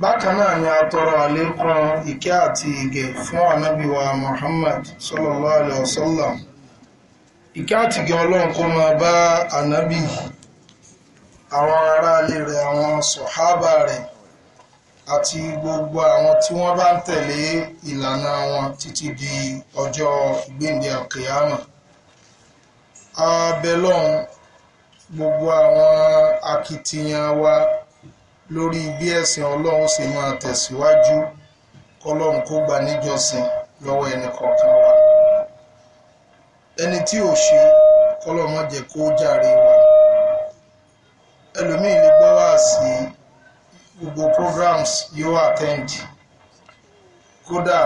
bákan náà ni a tọrọ àlékún ìkẹ́ àti ìgẹ̀ fún ànábì wa muhammad sallallahu alaihi wasallam ìkẹ́ àti ìgẹ̀ ọlọ́run kó máa bá ànábì àwọn aráalé rẹ̀ àwọn sọ̀hábà rẹ̀ àti gbogbo àwọn tí wọ́n bá ń tẹ̀lé ìlànà wọn títí di ọjọ́ ìgbéǹde àkèyàmọ̀ abẹ́lọ́run gbogbo àwọn akitiyan wa lórí bí ẹ̀sìn ọlọ́run ṣe máa tẹ̀síwájú kọlọ́run kó gba níjọsìn lọ́wọ́ ẹnì kọ̀ọ̀kan wa ẹni tí ò ṣe kọlọ́run má jẹ́ kó jàre wa ẹlòmíì lè gbọ́ wá sí gbogbo programs yóò attend kódà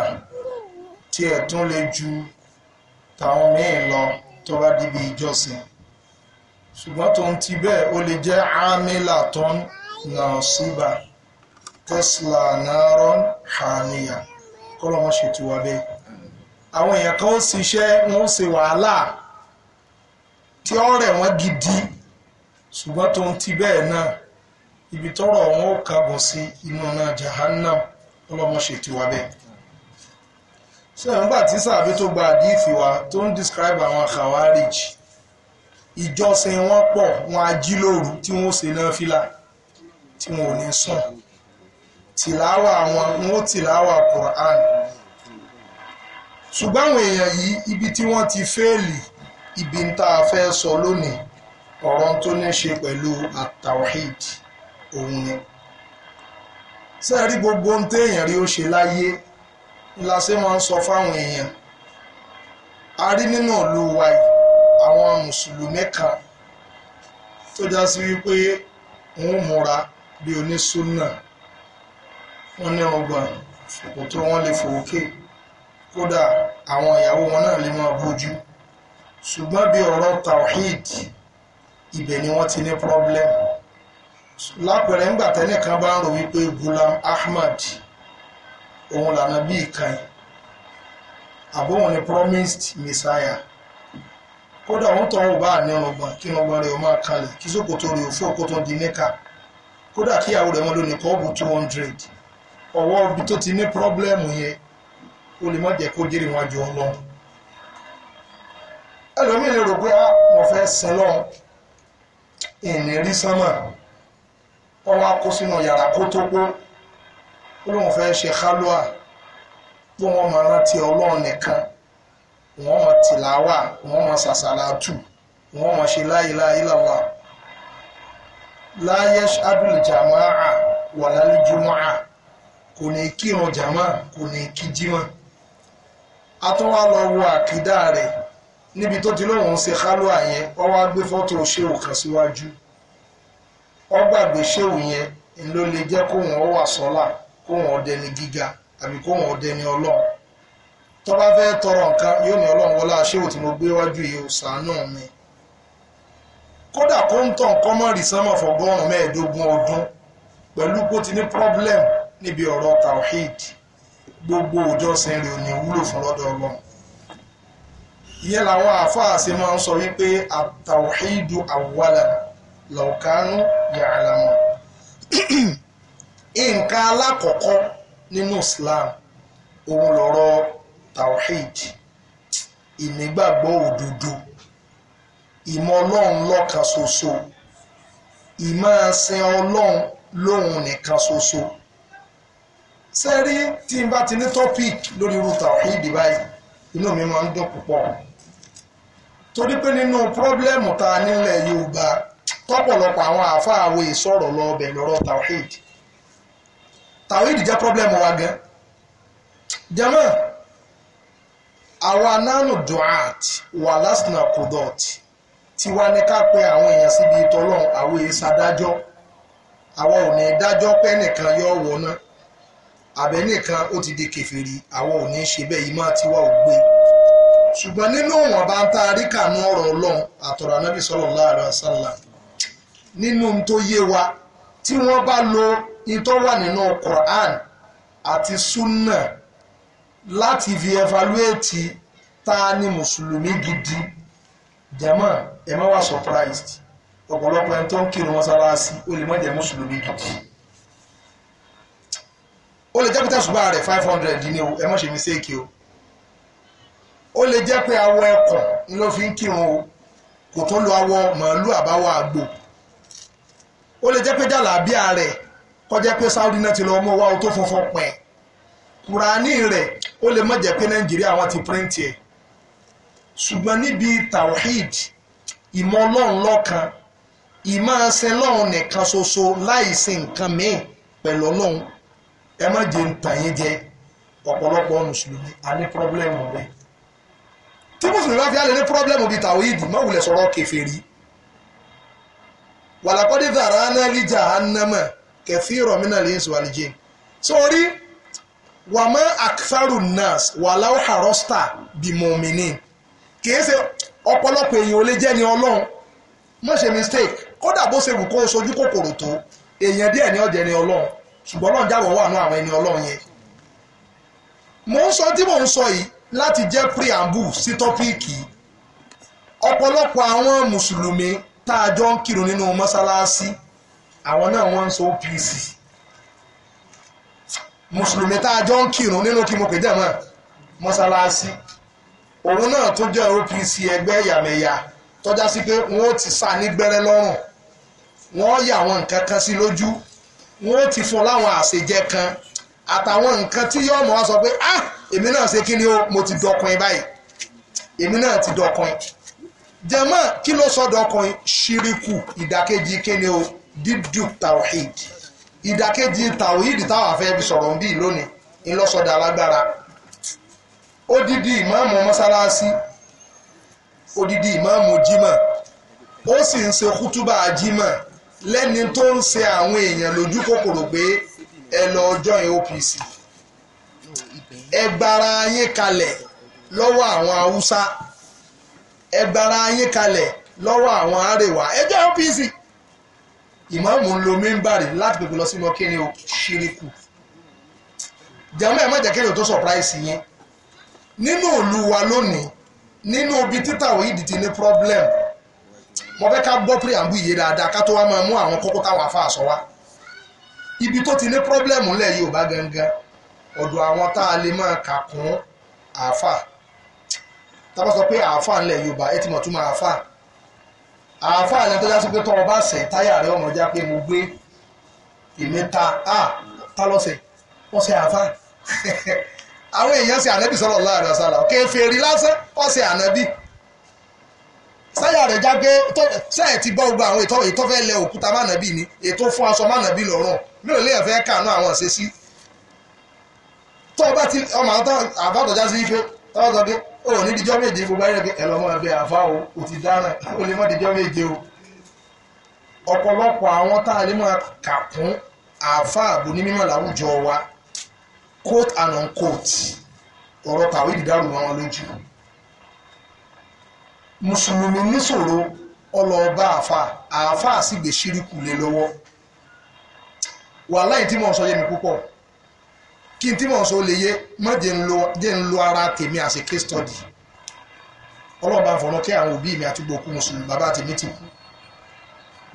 tí ẹ̀ tún lè ju tàwọn míì lọ tó bá débi ìjọsìn ṣùgbọ́n tó ń ti bẹ́ẹ̀ ó lè jẹ́ àmì làtọ́nù ناصبة تسلى نارا حامية kọ́lọ́ wọn ṣètò wa bẹ́ẹ̀ àwọn èèyàn kan ń ṣiṣẹ́ wọn ń ṣe wàhálà tí ọ̀rẹ́ wọn gidi ṣùgbọ́n tó ń ti bẹ́ẹ̀ náà ibi tọ́rọ̀ wọn ò kagùn sí inú náà jahannam kọ́lọ́ wọn ṣètò wa bẹ́ẹ̀ ṣé nígbà tí sàbí tó gba àdífì wa tó ń describe àwọn khawarij ìjọsìn wọn pọ̀ wọn ajílòrú tí wọn ó ṣe náà fìlà tí wọn ò ní sùn tìláwà wọn wọn ó tìláwà Quran ṣùgbọ́n àwọn èèyàn yìí ibi tí wọ́n ti fẹ́ẹ̀lì ibi tá a fẹ́ sọ lónìí ọ̀rọ̀ tó ní ṣe pẹ̀lú atawhid òun ni sẹ́ẹ̀rí gbogbo ohun téèyàn rí ó ṣe láyé ńlá ṣe máa ń sọ fáwọn èèyàn a rí nínú ìlú wa àwọn mùsùlùmí kan tó já sí wípé wọ́n múra bí onísúnà wọ́n ní ọgbọ̀n fòkòtò wọn lè fòókè kódà àwọn ìyàwó wọn náà lè máa bójú ṣùgbọ́n bí ọ̀rọ̀ tawhid ibẹ̀ ni wọ́n ti ní problem lápẹẹrẹ ńgbà tẹ́nìkan bá ń rò wípé Gulam Ahmad òun lànà bí ìkan àbóhùn ni promised messiah kódà òun tọrọ bá nírùngbọ̀n kí irùngbọ̀n rẹ̀ ó máa kalẹ̀ kí sókòtò rẹ̀ ó fún òkòtò di níkà kódà kí ìyàwó rẹ̀ wọn ló ní kọ́ọ̀bù two hundred ọwọ́ ibi tó ti ní pírọ́blẹ́mù yẹn o lè má jẹ́ kó jèrè wọn jù ọ lọ. ẹlòmíì lè rò pé ah, mo fẹ́ sin lọ ìní rí sánmà ọwọ́ akó sínú yàrá kó tó pọ̀ ó lóun fẹ́ ṣe kálúà pé wọ́n máa rántí ọlọ́run nìkan wọ́n máa tìláwà wọ́n máa ṣàṣàlátù wọ́n máa ṣe láìláìláwà láyé ṣáàdùn jàmáà wà lálẹ́jùmọ́à kò ní kírun jàmáà kò ní kí jímọ̀ atọ́wá lọ wo àkídá rẹ̀ níbi tó ti lóun ṣe kálọ́ àyẹn ó wá gbé fọ́tò ṣéwù kan síwájú ó gbàgbé ṣéwù yẹn ló lè jẹ́ kóun ọ wà sọ́là kóun ọdẹ ni gíga àbí kóun ọdẹ ni ọlọ́run tó bá fẹ́ tọrọ nǹkan yóò ní ọlọ́run wọlá ṣéwù tí mo gbé wájú yìí ò ṣàánú mi kódà kó ń tàn kọ́mọ́ rìsánmọ̀ fọ́gọ́rùn mẹ́ẹ̀ẹ́dógún ọdún pẹ̀lú kó ti ní problem níbi ọ̀rọ̀ tawhid gbogbo òjọsìn rẹ̀ ò ní wúlò fún lọ́dọ̀ ọlọ́run ìyẹn làwọn àáfàá sì máa ń sọ wípé àtàwọ̀hídù àwọ̀wálà lọ́ọ̀kánú yàrá mọ́ nǹkan alákọ̀ọ́kọ́ nínú Islam òun lọ́rọ̀ tawhid ìnígbàgbọ́ òdodo ìmọ̀ ọlọ́run lọ́kan ṣoṣo ìmọ̀ ẹsẹ̀ ọlọ́run lóhun nìkan ṣoṣo sẹ́rí tí n bá ti ní topic lórí irú tàwíìdì báyìí inú mi máa ń dùn púpọ̀ torí pé nínú pírọ́blẹ́mù tá a nílẹ̀ Yorùbá tọ́pọ̀lọpọ̀ àwọn àfáàwé sọ̀rọ̀ lọ́ọ̀bẹ̀ lọ́rọ̀ tàwíìdì tàwíìdì jẹ́ pírọ́blẹ́mù wa gan jẹ́mọ́ àwa nánú duat wà lásìnà kudọ́ọ̀tì tiwa ní ká pe àwọn èèyàn síbi ìtọ́lọ́run àwọn èèṣà dájọ́ àwa ò ní dájọ́ pé nìkan yọ wọná àbẹ́nìkan ó ti di kèfèrí àwa ò ní ṣe bẹ́ẹ̀ ìmọ̀ tiwa ò gbé ṣùgbọ́n nínú wọn bá ń ta àríkà ní ọ̀rọ̀ ọlọ́run àtọ̀rọ̀ anábì sallallahu alaihi wasallam nínú tó yé wa tí wọ́n bá lo ìtọ́ wà nínú Quran àti sunna láti fi evaluate ta ni mùsùlùmí gidi jẹ́mọ́ ẹ má wà surprised ọ̀pọ̀lọpọ̀ ẹni tó ń kírun mọ́sálásí ó lè má jẹ́ mùsùlùmí gidi ó lè jẹ́ pé tẹ̀sùbá rẹ̀ five hundred ní o ẹ má ṣe mistake o ó lè jẹ́ pé awọ ẹkùn ni ló fi ń kírun o kò tó lo awọ màálù àbáwọ àgbò ó lè jẹ́ pé jàlábíà rẹ̀ kọjá pé Saudi náà ti lọ mọ́ wa o tó funfun pẹ̀ kùránì rẹ̀ ó lè má jẹ́ pé Nàìjíríà wọn ti píríǹtì ẹ̀ ṣùgbọ́n níbi tawhid ìmọ̀ ọlọ́run lọ́kan ìmọ̀ ẹsẹ̀ lọ́run nìkan ṣoṣo láì sí nǹkan míì pẹ̀lú ọlọ́run ẹ má jẹ́ ntàyín jẹ ọ̀pọ̀lọpọ̀ mùsùlùmí a ní pírọ́blẹ́mù rẹ̀ tí mùsùlùmí bá fi á lè ní pírọ́blẹ́mù bíi tawhid má wulẹ̀ sọ̀rọ̀ kèfèrí wàlàkọ́dé dàrá náà lè jà á nàmà lè ń sọ àlejò sórí wàmọ́ akfaru nas wàláwù harọ́stà bíi mọ̀mìnì kìí ṣe ọ̀pọ̀lọpọ̀ èèyàn ò lè jẹ́ ni ọlọ́run má ṣe mistake kódà bó ṣe wù kó o sojú kòkòrò tó èèyàn díẹ̀ ní ọ̀jẹ̀ ni ọlọ́run ṣùgbọ́n náà jáwọ́ wà nú àwọn ẹni ọlọ́run yẹn mò ń sọ tí mò ń sọ yìí láti jẹ́ preamble sí tọ́píìkì ọ̀pọ̀lọpọ̀ àwọn mùsùlùmí tá a jọ ń kírun nínú mọ́sálásí àwọn náà wọ́n ń sọ OPC mùsùlùmí tá a jọ ń kírun nínú kí mo pè dẹ̀ mọ́ òun náà tó jẹ́ OPC ẹgbẹ́ yàmẹ̀yà tọ́já sí pé wọ́n ti sá ní gbẹ́rẹ́ lọ́rùn wọ́n yà àwọn nǹkan kan sí lójú wọ́n ti fún láwọn àṣejẹ kan àtàwọn nǹkan tí yóò mọ̀ wá sọ pé ah èmi náà ṣe kí ni o mo ti dọkùnrin báyìí èmi náà ti dọkùnrin jẹ́mọ́ kí ló sọ dọkùnrin ṣíríkù ìdàkejì kí ni o dídù tawhid ìdàkejì tawhid táwa fẹ́ fi sọ̀rọ̀ ń bí lónìí ńlọ́sọdà alágbára odidi ìmáàmù mọ́sálásí odidi ìmáàmù jímọ̀ ó sì ń ṣe kútúbà jima, lẹ́ni tó ń ṣe àwọn èèyàn lójú kòkòrò pé ẹ lọ join OPC ẹ gbára yín kalẹ̀ lọ́wọ́ àwọn haúsá ẹ gbára yín kalẹ̀ lọ́wọ́ àwọn arẹwà ẹ jẹ́ OPC ìmáàmù ń lo mímbàrì láti pèpè lọ sínú kíni o ṣíríkù jẹ́mọ́ ẹ̀ má jẹ́ kéèyàn tó surprise yín nínú ìlú wa lónìí nínú ibi títà òyìnbí ti ní problem mo fẹ́ ká gbọ́ pé àǹbù yìí dáadáa ká tó wá máa mú àwọn kókó táwọn afá àṣọ wa ibi tó ti ní problem ńlẹ̀ yìí ò bá gangan ọ̀dọ̀ àwọn tá a lè máa kà kún àáfà tá bá sọ pé àáfà ńlẹ̀ Yorùbá ẹ ti mọ̀ tún máa àáfà àáfà ńlẹ̀ tó yásí pé tọ́wọ́ bá sẹ̀ táyà rẹ ọmọ já pé mo gbé èmi ta a ah, ta lọ́sẹ̀ wọ́n àáfà àwọn èèyàn ṣe ànábì sọ̀rọ̀ láàrin àṣàrà kèfèrí lásán kọ́ ṣe ànábì sáyà rẹ̀ já pé sáyà ti bọ́ gbogbo àwọn ètò fẹ́ lẹ òkúta mánàbí ni ètò fún aṣọ mánàbí lọ́rùn mélòó lèèyàn fẹ́ kàánú àwọn àṣeṣí tó o bá ti ọmọ àwọn àbátọ̀já sí wípé tọ́wọ́ sọ pé o ò ní dijọ́ méje gbogbo ayé rẹ̀ ẹ̀lọ́ máa bẹ àfa o o ti dáràn o lè má dijọ́ méje o ọ̀pọ̀lọpọ̀ àwọn tá a lè máa kà kún àfa àbò ní mímọ̀ láwùjọ wa quote and unquote ọ̀rọ̀ kàwé ìdárò wọn lójú mùsùlùmí níṣòro ọlọ́ọ̀bá àáfà àáfà sì gbé ṣíríkù lé lọ́wọ́ wàhálà yìí tí mò ń sọ yé mi púpọ̀ kí n tí mò ń sọ lè yé mọ́ jẹ́ ń lo ara tèmi as a case study ọlọ́ọ̀bá fọ̀nà kí àwọn òbí mi àti gbòkú mùsùlùmí bàbá tèmi ti kú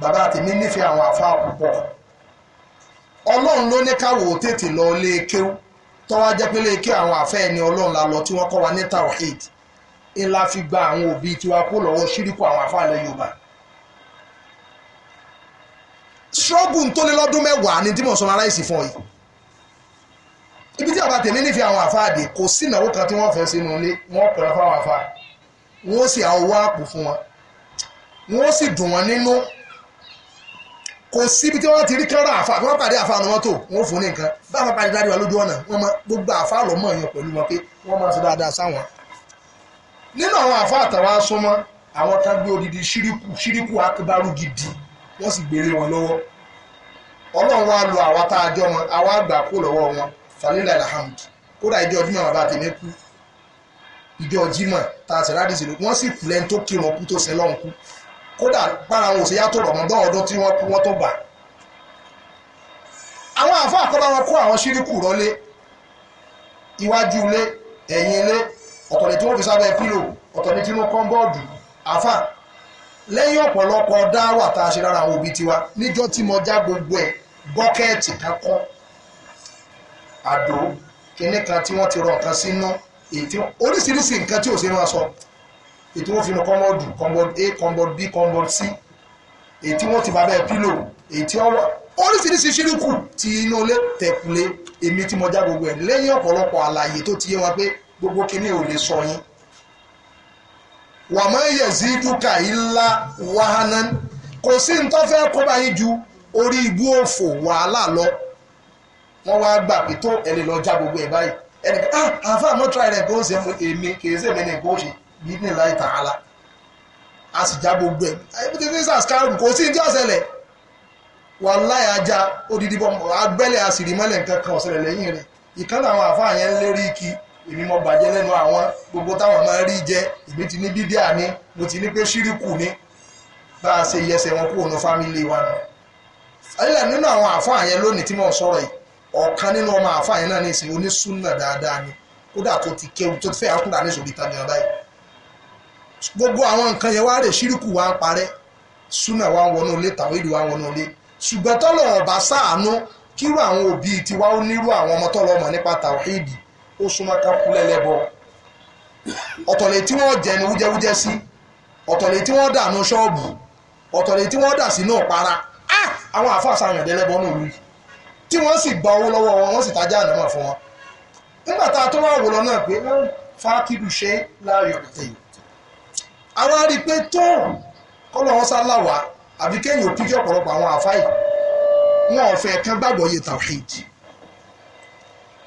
bàbá tèmi nífẹ̀ẹ́ àwọn àáfà púpọ̀ ọlọ́run ló ní káwọ́ tètè lọ lé kéwú tọ́wá jẹ́ pé léèké àwọn àfẹ́ ẹni ọlọ́run la lọ tí wọ́n kọ́ wa ní tawhid ńlá fi gba àwọn òbí tiwa kó lọ́wọ́ ṣíríkù àwọn àfáàlẹ́ yorùbá ṣọ́gùn tó lé lọ́dún mẹ́wàá ni tí mo sọ aláìsí fún yìí ibi tí àbá tèmi nífẹ̀ẹ́ àwọn àfáàdé kò sí ìnáwó kan tí wọ́n fẹ́ sínú ilé wọ́n pẹ̀lú fáwọn àfáà wọ́n sì àwọn owó àpò fún wọn wọ́n sì dùn wọ́n nínú kò síbi tí wọ́n ti rí kẹ́rọ àfa wọ́n pàdé àfa àwọn mọ́tò wọ́n fún ní nǹkan bá wọn pàdé dáríwá lójú ọ̀nà wọ́n mọ gbogbo àfa lọ́mọ yẹn pẹ̀lú wọn pé wọ́n máa ṣe dáadáa sáwọn. nínú àwọn àfa àtàwọn asọmọ àwọn kan gbé odidi ṣíríkù ṣíríkù akíbarú gidi wọ́n sì gbèrè wọn lọ́wọ́ ọlọ́run wa lo àwa tá a jọ wọn àwa àgbà kó lọ́wọ́ wọn falila alhamd kódà ìjọ ọdún mẹ́wàá bá ti ní kú ìjọ jimoh tá a sì rádìsì lókun wọ́n sì kú lẹ́ni tó kírun kú tó sẹ́lọ́run kú kódà gbára wọn ò sí yàtọ̀ rọ̀mọ́dọ́ ọdún tí wọ́n kú wọ́n tó bà àwọn àfa àkọ́bá wọn kó àwọn ṣíríkù rọlé iwájú ilé ẹ̀yìn ilé ọ̀tọ̀ ni tí wọ́n fi sábẹ́ pílò ọ̀tọ̀ ni tí wọ́n kọ́ bọ́ọ̀dù àfa lẹ́yìn ọ̀pọ̀lọpọ̀ dáwà tá a ṣe lára àwọn òbí tiwa níjọ́ tí mo já gbogbo ẹ̀ bọ́kẹ́ẹ̀tì kankan àdó kinní kan tí wọ́n ti rọ nǹkan sínú èyí tí oríṣiríṣi nǹkan tí ò sí wọn sọ èyí tí wọ́n fi nu kọ́mọ́dù kọ́mọ́dù a kọ́mọ́dù b kọ́mọ́dù c èyí tí wọ́n ti bá bẹ́ẹ̀ pílò èyí tí wọ́n wà oríṣiríṣi ṣírùkù ti inú ilé tẹ̀kùlé èmi tí mo já gbogbo ẹ̀ lẹ́yìn ọ̀pọ̀lọpọ̀ àlàyé tó ti yé wa pé gbogbo kinní ò lè sọ yín wàmọ́ yẹ̀sí dúkà ńlá wàhánà kò sí nǹkan fẹ́ kó bá yín ju orí ibú òfò wàhálà lọ wọ́n wá gbà pé tó ẹ̀ lè lọ já gbogbo ẹ̀ báyìí ẹnìkan ah àfa àmọ́ tíra rẹ̀ kó ṣe èmi kì í ṣèmi ní nǹkan ó ṣe bíbí láì tààlà a sì já gbogbo ẹ̀ ayébí tí tíṣà scarab kò sí ní tí ó ṣẹlẹ̀ wà láì ajá odidi bọ́ agbẹ́lẹ̀ a sì rí mọ́lẹ̀ nǹkan kan ọ̀sẹ̀lẹ̀ lẹ́yìn rẹ̀ ìkànnì àwọn àfáà yẹn ń lérí kí èmi mo gbàjẹ́ lẹ́nu àwọn gbogbo táwọn máa rí jẹ èmi ti ní bídíà ni mo ti ní pé ṣíríkù ni bá a ṣe yẹsẹ̀ wọn kúrò ní fámìlì wa nù. ayílẹ̀ nínú àwọn àfáà yẹn lónìí tí mò sọ̀rọ̀ yìí ọ̀kan nínú ọmọ àfáà yẹn náà ní ìsìn onísùnà dáadáa ni kódà tó ti kéwu tó ti fẹ́ àkúrà ní ìṣòro ìtajà báyìí gbogbo àwọn nǹkan yẹn wá rè ṣírìkù wá ń parẹ́ súnà wá ń wọnú ilé tàwíìdì wá ń wọnú ilé ṣùgbọ́n tọ́lọ̀ ọ̀bá ṣàánú kírú àwọn òbí tiwa ó nírú àwọn ọmọ tọ́lọ̀ ọmọ nípa tàwíìdì ó súnmọ́ ká kú lẹ́lẹ́bọ ọ̀tọ̀lẹ̀ tí wọ́n jẹ ní wújẹ́wújẹ́ sí ọ̀tọ̀lẹ̀ tí wọ́n dà ní ṣọ́ọ̀bù ọ̀tọ̀lẹ̀ tí wọ́n dà sínú ọ̀para àwọn àfáàsà àyàn dẹ́lẹ́bọ náà lù tí wọ́n àwa rí i pé tó kọ́lọ́ wọn sá láwàá àbí kéèyàn píkì ọ̀pọ̀lọpọ̀ àwọn àfáì wọn ò fẹ́ kán gbàgbọ́ yé tawhid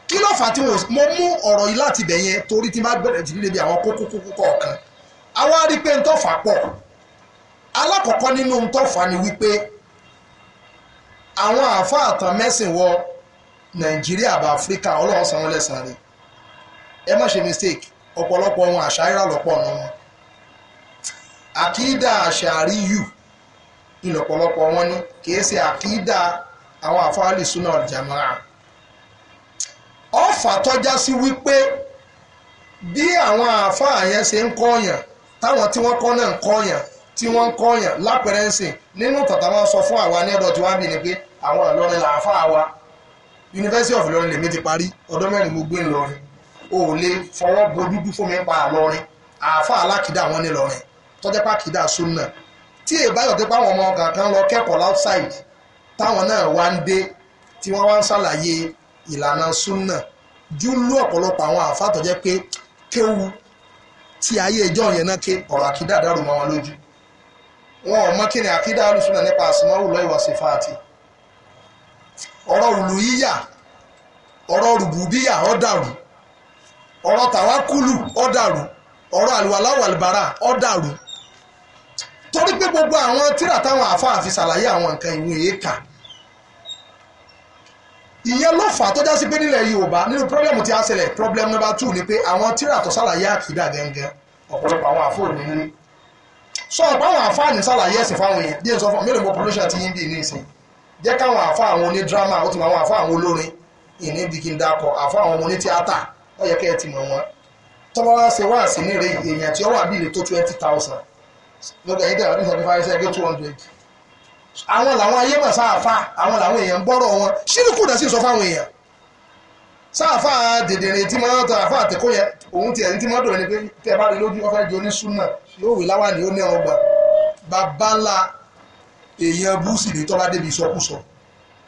kí ló fà á tí mo mú ọ̀rọ̀ yìí láti bẹ̀ yẹn torí tí n bá bẹ̀rẹ̀ ti níbi àwọn kókó kókó kọ̀ọ̀kan àwa rí i pé ń tọ́fà pọ̀ alákọ̀ọ́kọ́ nínú ń tọ́fà ni wípé àwọn àáfàá àtàn mẹ́sìn wọ nàìjíríà bá áfíríkà ọlọ́run san wọn lẹ́sàn-án rẹ̀ ẹ má ṣe mistake ọ̀pọ̀lọpọ̀ wọn àṣà ìràlọ́pọ̀ ọ̀nà wọn Akida àṣàríyù ìlọ̀pọ̀lọpọ̀ wọn ni kìí ṣe akida àwọn àfáàlì súnà jàmáà ọ̀fà tọ́já sí wípé bí àwọn àfáà yẹn ṣe ń kọ́yàn táwọn tí wọ́n kọ́ náà ń kọ́yàn tí wọ́n ń kọ́yàn lápẹ̀rẹ́nsì nínú tàtà wọn sọ fún àwa ní ọ̀dọ̀ tí wọ́n bì ní pé àwọn Ìlọrin làáfáà wa University of Ìlọrin lèmi ti parí ọdún mẹ́rin mo gbé ńlọrin o ò lè fọwọ́ bo dúdú fún mi pa àlọrin àáfáà alákìdá wọn ní lọrin tọ́jẹ́ pàkídà sunna tí èbáyọ̀ tó páwọn ọmọ kankan lọ kẹ́kọ̀ọ́ outside táwọn náà wá ń dé tí wọ́n wá ń ṣàlàyé ìlànà sunna júlù ọ̀pọ̀lọpọ̀ àwọn àáfàá tọ́jẹ́ pé kéwu tí ayé ìjọ yẹn náà ké ọ̀rọ̀ àkídà dàrú mọ́ wọn lójú wọn ò mọ kí ni àkídà alùsùnà nípa àsìmọ́wò lọ́ ìwà sífáàtì ọ̀rọ̀ òlù yíyà ọ̀rọ̀ rùbùbíyà ó dàrú ọ̀rọ̀ tàwákùlù ó dàrú ọ̀rọ̀ àlùwàláwàlùbárà ó dàrú torí pé gbogbo àwọn tíra táwọn àáfàá fi ṣàlàyé àwọn nǹkan ìwé èèkà ìyẹn ló fà tó já sí pé nílẹ̀ Yorùbá nínú pírọ́blẹ́mù tí a ṣẹlẹ̀ pírọ́blẹ́mù nọ́mbà tù ni pé àwọn tíra tó ṣàlàyé àkìdá gẹ́gẹ́ ọ̀pọ̀lọpọ̀ àwọn àfọ òní ní sọ ọ̀pọ̀ àwọn àfáà ní ṣàlàyé ẹ̀sìn fáwọn yẹn díẹ̀ sọ fún mélòó mo pọlọ́ṣà ti yín bí ní ìsìn jẹ́ káwọn àfáà àwọn oní dírámà ó ti mọ àwọn àfáà àwọn olórin ìní bìkì ń dakọ àfáà àwọn oní tíátà ó yẹ kẹ́ ẹ ti mọ̀ wọn tọ́wọ́ wá ṣe wá sí ní rẹ̀ èèyàn tí ó wà bíi lè tó twenty thousand lọ́dọ̀ ẹ̀yìn tẹ̀wọ́n ní seventy five ẹ̀sẹ̀ gé two hundred àwọn làwọn ayé mà sáàfà àwọn làwọn èèyàn ń gbọ́rọ̀ wọn ṣírùkù náà sì sọ fáwọn èèyàn sáàfà dèdèrè tí máa ń tọ àfà àtẹ̀kọ́ yẹn òun tiẹ̀ ní tí máa dọ̀rẹ́ ni pé tẹ́ bá rí lójú ọ̀fẹ́ di oníṣúná yóò wí láwà ní oní ọgbà bàbá ńlá èèyàn búùsì ní tọ́lá débi ìsọkúsọ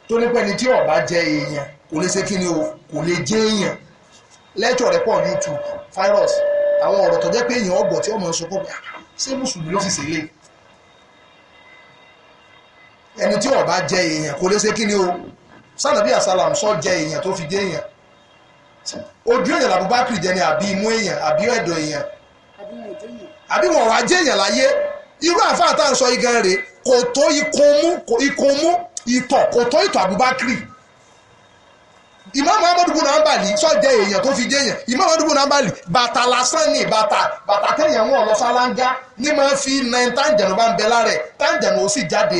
tó ní pẹ́ni tí ọ̀bá jẹ èèyàn kò lè ṣe kíni o kò lè jẹ èèyàn lẹ́tọ̀ rẹ̀ pọ̀ YouTube virus àwọn ọ̀rọ̀ tó jẹ́ pé èèyàn ọ̀gbọ̀ tí ọmọ sọ pọ̀ pé àh ah, ṣé mùsùlùmí ló sì ṣe lé ẹni tí ó bá jẹ èèyàn kò lè ṣe kí ni o sálàbí àsálàm sọ jẹ èèyàn tó fi dé èèyàn ojú èèyàn làbúbákìrì jẹ ni àbí imú èèyàn àbí ẹ̀dọ̀ èèyàn àbí wọn ọ̀rọ̀ ajé èèyàn láyé irú àfáà tá à ń sọ igan rè kò tó ikun mú ikọ̀ kò tó ìtọ̀ àbúbákìrì Imam Ahmad ibn Hanbali sọ́jẹ́ èèyàn tó fi jẹ́yàn Imam Ahmad ibn Hanbali bàtà lásán ni bàtà bàtà téèyàn wọn lọ sálángá ní máa fi nine táǹjẹ̀nù bá ń bẹ lára ẹ̀ táǹjẹ̀nù ó sì jáde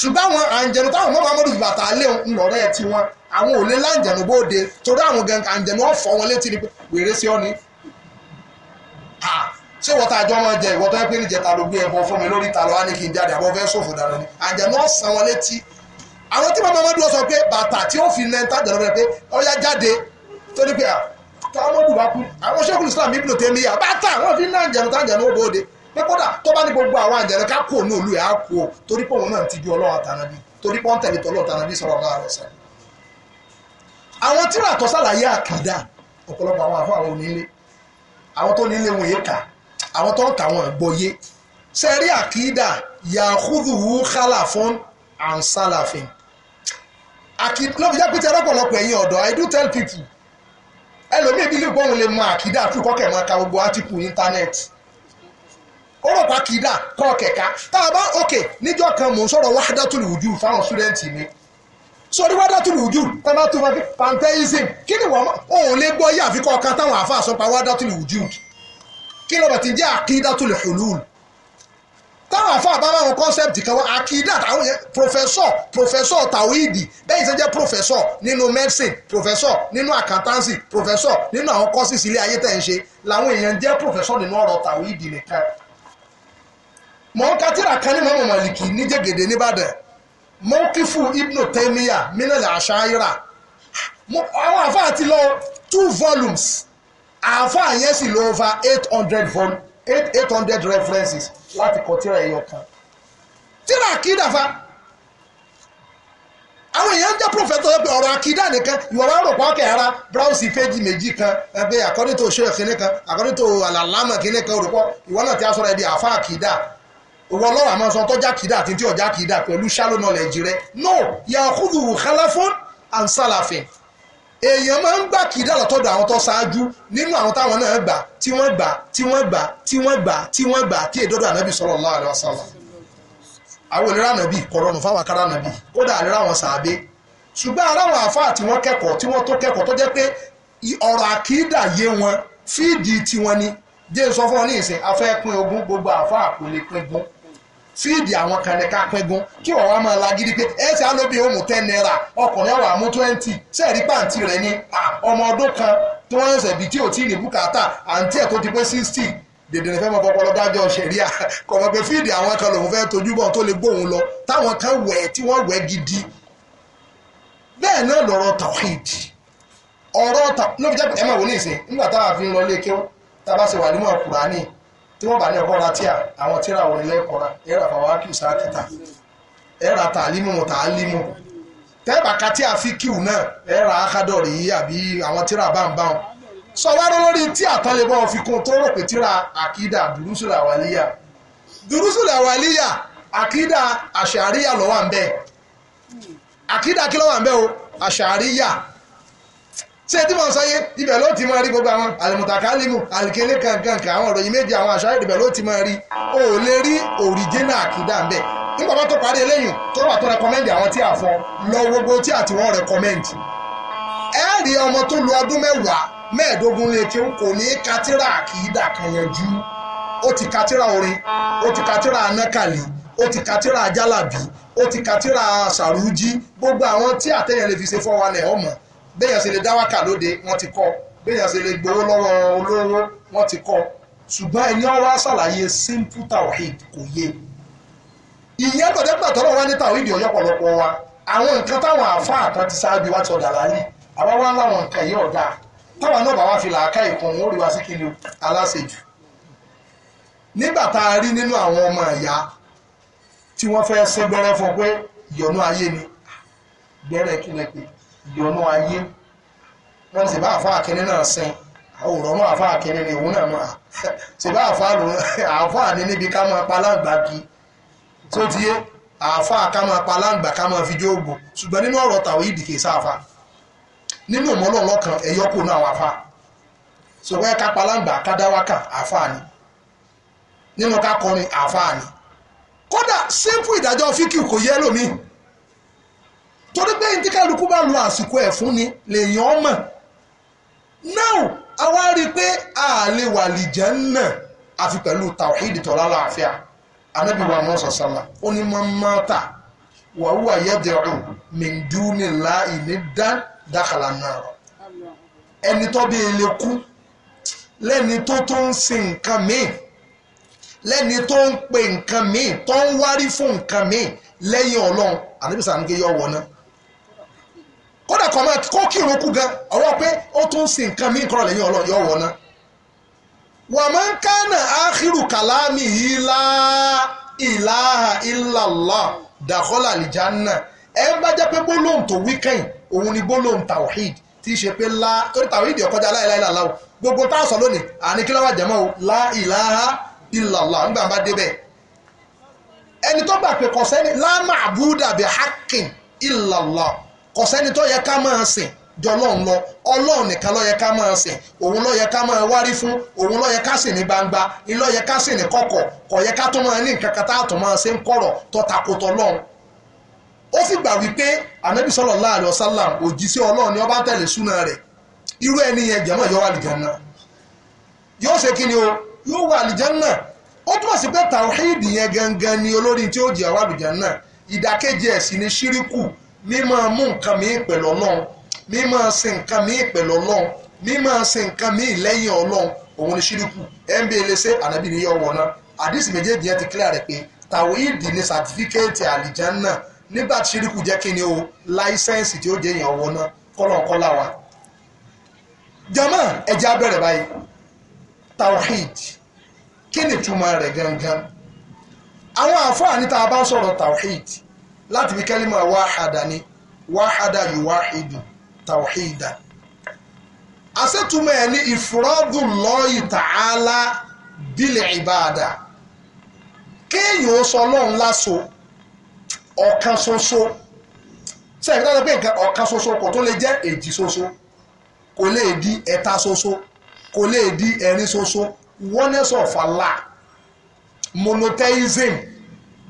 ṣùgbọ́n àwọn àǹjẹ̀nù táwọn Imam Ahmad fi bàtà lé ńlọrẹ́ tiwọn àwọn ò lé láǹjẹ̀nù bóde torí àwọn gangan àǹjẹ̀nù ọ̀fọ̀ wọn létí ni wèrè sí ọ ni ṣé wọ́n tá a jọ máa jẹ ìwọ́tọ́ ẹ pé níjẹta ló gbé ẹbọ fún mi lórí ìta lọ́wọ́ ní kí n jáde àbọ̀ fẹ́ sòfò dáná ni àǹjẹ̀nù ọ̀sán wọn létí àwọn tí màmá mọ́dún sọ pé bàtà tí ó fi nẹ́ńtà dọ̀rọ̀ rẹ pé ọ̀yá jáde tó ní pé à ah, káwọ́mọ́dún bá kú àwọn sẹ́kùn islam ibùdó tẹ́mi yà bàtà àwọn fi náà jẹun tá jẹun ó bóde pé kódà tó bá ní gbogbo àwọn àjẹrẹ ká kú òun òlu ẹ̀ á kú o torí pé òun náà ti ju ọlọ́run àtànàbí torí pé wọ́n tẹ̀lé tọ́lọ́ àtànàbí sọ̀rọ̀ láàrọ̀ ọ̀sẹ̀. àwọn tíra tó sàlàyé àkàdá ọ̀pọ̀lọpọ̀ àwọn àfọ àwọn àkìdá ló fi jẹ́ pé ti ọlọ́pọ̀lọpọ̀ ẹ̀yin ọ̀dọ́ i do tell people ẹlòmíì bí lè gbóhùn lè mọ àkìdá tó kọ́kẹ́ máa ka gbogbo átíkù íńtánẹ́ẹ̀tì ó rò pa kìdá kọ́ kẹ̀ka tá a bá òkè níjọ́ kan mò ń sọ̀rọ̀ wahdatul wujud fáwọn sùdẹ́ǹtì mi sórí wahdatul wujud tá a bá tún fi pantheism kí ni wọ́n òun lè gbọ́ yàfi kọ́ ọ̀kan táwọn àáfàá sọ pa wahdatul wujud kí lọ́bàtí jẹ́ àkìdátul hulul táwọn afa àbábá wọn concept kan wọn akida táwọn yẹn professeur professor tawhidi bẹ́ẹ̀ ṣe jẹ́ professor nínú medicine professor nínú accountancy professor nínú àwọn courses ilé ayé tẹ̀ ń ṣe làwọn èèyàn jẹ́ professor nínú ọ̀rọ̀ tawhidi nìkan mọ̀nkátìrà kan ní mọ́mọ́ màlìkì ní jẹ́gẹ̀dẹ̀ nìbàdàn mọ́kífù ibnu tẹ́míyà mínàlẹ̀ àṣàyíra àwọn àfa àti lọ two volumes àfa yẹn sì over eight hundred volumes eight eight hundred references láti kọ tíra ẹyọ kan tíra àkídà fa àwọn èèyàn ń jẹ́ prọfẹ̀tọ̀ ẹgbẹ́ ọ̀rọ̀ àkídà nìkan ìwọ̀n wa rò pọ́ọ́kẹ́ ara bíráùsì péjì méjì kan ẹgbẹ́ according to ṣẹ́yọ̀ kínní kan according to àlàlámà kínní kan òrùkọ́ ìwọ náà ti á sọ̀rọ̀ ẹ̀ di àfa àkídà ìwọ lọ́wọ́ àmọ́ sọ tọ́jà àkídà àti tí ọ̀jà àkídà pẹ̀lú shallow knowledge rẹ no yàkúdù khalafun and salafin èèyàn máa ń gbà kiri àlọ́tọ́dọ̀ àwọn tó ṣáájú nínú àwọn táwọn náà gbà tí wọ́n gbà tí wọ́n gbà tí wọ́n gbà tí wọ́n gbà tí èdọ́dọ̀ ànábì sallallahu alaihi wasallam àwọn ìlera ànábì kọ̀rọ̀nù fáwọn akára ànábì kódà ìlera àwọn sàábé ṣùgbọ́n ara àwọn àfáà tí kẹ́kọ̀ọ́ tí wọ́n tó kẹ́kọ̀ọ́ tó jẹ́ pé ọ̀rọ̀ àkídà yé wọn fíìdì tiwọn ni jẹ́ sọ fún ọ ní ìsìn afẹ́ pín ogún gbogbo àfáà kò lè pín ogún fíìdì àwọn kan ní ká pẹ́gun kí wọ́n wá máa la gidi pé ẹ̀sẹ̀ alóbi ó mú ten naira ọkùnrin ọ̀wà mú twenty sẹ́ẹ̀rí pàǹtí rẹ̀ ní ọmọ ọdún kan tí wọ́n ń ṣẹ̀bí tí ò tí ì ní bùkátà àǹtí ẹ̀ tó ti pé sixty dèdè ní fẹ́ mọ fọpọlọ dájọ́ sẹ̀ríà kọ̀mọ́ pé fíìdì àwọn kan lòun fẹ́ tojú bọ̀ tó lè gbóhùn lọ táwọn kan wẹ̀ tí wọ́n wẹ̀ gidi bẹ́ẹ̀ náà lọ̀rọ̀ tàwíìdì ọ̀rọ̀ tàwíìdì ẹ máa wò ìsìn nígbà táwa fi ń lọ ilé kéwọ́ tá a bá ṣe wà nímọ̀ kùránì tí wọ́n bá ní ẹ̀kọ́ ra tíà àwọn tíra wò nílẹ̀ ẹ̀kọ́ ra ẹ̀rà fàwọn kì í sáàkìtà ẹ̀rà tàlímù tàlímù tẹ́ẹ̀bà ka tíà fi kíw náà ẹ̀rà akádọ̀rì yìí àbí àwọn tíra báńbáwọn sọ wá lórí tíà tán lè bọ́ fi kún tó rò pé tíra àkídà dùrúsùlà wàlíyà dùrúsùlà wàlíyà àkídà àṣàríyà ló wà ń bẹ̀ àkídà kí ló wà ń bẹ̀ o àṣàríyà ṣé tí mo sọ yé ibẹ̀ ló ti máa rí gbogbo àwọn àlùmùtàkálìmù àlùkélé kankankan àwọn ọ̀rọ̀ yìí méjì àwọn àṣà ìdìbẹ̀ ló ti máa rí o ò lè rí òrìjínà àkídà ń bẹ̀ nígbà bá tó parí eléyìí tó wà tó rẹkọmẹ́ndì àwọn tí a fọ lọ gbogbo tí àti wọ́n rẹkọmẹ́ndì ẹ rí ọmọ tó lu ọdún mẹ́wàá mẹ́ẹ̀ẹ́dógún lè kí n kò ní katira àkídà kan yanjú ó ti katira orin ó ti katira anákàlì ó ti katira ajálàbí ó ti katira sàrújí gbogbo àwọn tí àtẹ̀yẹ lè fi ṣe fọ́ wa lẹ̀ ọmọ béèyàn ṣe lè dá wákà lóde wọ́n ti kọ́ béèyàn ṣe lè gbowó lọ́wọ́ olówó wọ́n ti kọ́ ṣùgbọ́n ẹni ọwọ́ ṣàlàyé simple tawhid kò yé ìyẹn tó dẹ́gbà tọ́lọ́ ní tawhid ọ̀yọ́ wa àwọn nǹkan táwọn àáfàá kan ti ṣáájú wá ti ọ̀dà láàyè àbá wá láwọn nǹkan yìí ọ̀dà táwọn náà bá wá fi làákà ìkùn wọn ó rí wa sí kíni aláṣejù nígbà tá a rí nínú àwọn ọmọ ìyá tí wọ́n fẹ́ ṣe gbẹ́rẹ́ fún pé ìyọ̀nú ayé ni gbẹ́rẹ́ kílẹ̀ pé ìyọnú ayé wọ́n ti bá àfa àkíní náà sin àwòrán náà àfa àkíní ni òun náà mọ̀ ṣe bá àfa lò àfa ní níbi ká máa pa láǹgbà kí tó ti yé àfa ká máa pa láǹgbà ká máa fi jó ògùn ṣùgbọ́n nínú ọ̀rọ̀ tàwọn yìí dìkè sáfa nínú ìmọ̀lọ́ lọ́kàn ẹ̀yọ́ kò náà wà fa ṣùgbọ́n ká pa láǹgbà ká dá wákà àfa ni nínú ká kọrin àfa ni kódà simple ìdájọ́ fíkì kò yẹ lómi torí pé ní tí kálukú bá lo àsìkò ẹ̀ fún ni lèèyàn ọmọ náà àwa rí i pé a lè wà lìjẹ́ náà àfi pẹ̀lú tàwíìdì tọ́lá láàfíà anábì wa mọ́ sọ̀sọ́lá ó ní mọ́ mọ́ta wàhùwà yẹ́dẹ̀rù mìndúnilá ìnídá dákàlà náà ẹni tó bí ilé kú lẹ́ni tó tó ń sin nǹkan míì lẹ́ni tó ń pe nǹkan míì tó ń wárí fún nǹkan míì lẹ́yìn ọlọ́run ànábìsà ń gé yọ̀ wọ̀ náà kódà kọ́ máa kó kírun kú gan ọwọ́ pé ó tún ń sin nǹkan mí kọ́rọ̀ lẹ́yìn ọlọ́run yóò wọ̀ náà wà máa ń kánà áhírù kàlámì ìlà ìlàhà ìlàlá dàkọ́là àlìjánà ẹ ń bá jẹ́ pé gbólóhùn tó wí kẹ́yìn òun ni gbólóhùn tawhid tí í ṣe pé lá torí tawhid ọkọjá láìláìláà o gbogbo tá a sọ lónìí àní kí lọ́wọ́ jẹ́mọ́ o lá ìlàhà ìlàlá nígbà bá débẹ̀ ẹni tó gbà pé kò sẹ́ni lá ma'buda bi haqqin ìlàlá kò sẹ́ni tó yẹ ká máa sìn jọ lọ́run lọ ọlọ́run nìkan ló ká máa sìn òun ká máa wárí fún òun ló ká ní gbangba ilé ní kọ̀kọ̀ ní nǹkan kan máa ṣe ń kọ̀rọ̀ wípé anabi ọlọ́run ni ọba bá tẹ̀lé súnà rẹ̀ irú ẹni yẹn yóò wà yóò ṣe kí ni o yóò wà ó túmọ̀ sí pé mímọ́ mú nǹkan míì pẹ̀lú ọlọ́run mímọ́ sin nǹkan míì pẹ̀lú ọlọ́run mímọ́ sin nǹkan míì lẹ́yìn ọlọ́run òun ni ṣíríkù ẹ̀ńbí eléṣẹ́ ànábì ni yọ wọ̀ náà àdìsí méjèèjì yẹn ti clear rẹ̀ pé tàwíìdì ni sàtífíkẹ́ẹ̀tì àlìjánná nígbà tí ṣíríkù jẹ́ kí ni o láísẹ́ǹsì tí ó jẹ́ èèyàn wọ̀ náà kọ́lọ̀kọ́lá wa. jama ẹja bẹ̀rẹ̀ báyìí tawhid kí ni túmọ̀ rẹ̀ gangan àwọn àfáà ní tá a bá sọ̀rọ̀ tawhid láti fi kẹ́límà wáhádà ni wáhádà yìí wáhídù tàwíìdà asẹ́túmọ̀ ẹ̀ ní ìfúrọ́dù lọ́ọ̀yì tààlà bílẹ̀ ìbáàdà kéèyàn ó sọ ọlọ́run láṣọ ọ̀kan ṣoṣo sẹ́yìn tó ń pè nǹkan ọ̀kan ṣoṣo kò tó lè jẹ́ èjì ṣoṣo kò lè di ẹ̀ta ṣoṣo kò lè di ẹ̀rin ṣoṣo oneness of Allah monotheism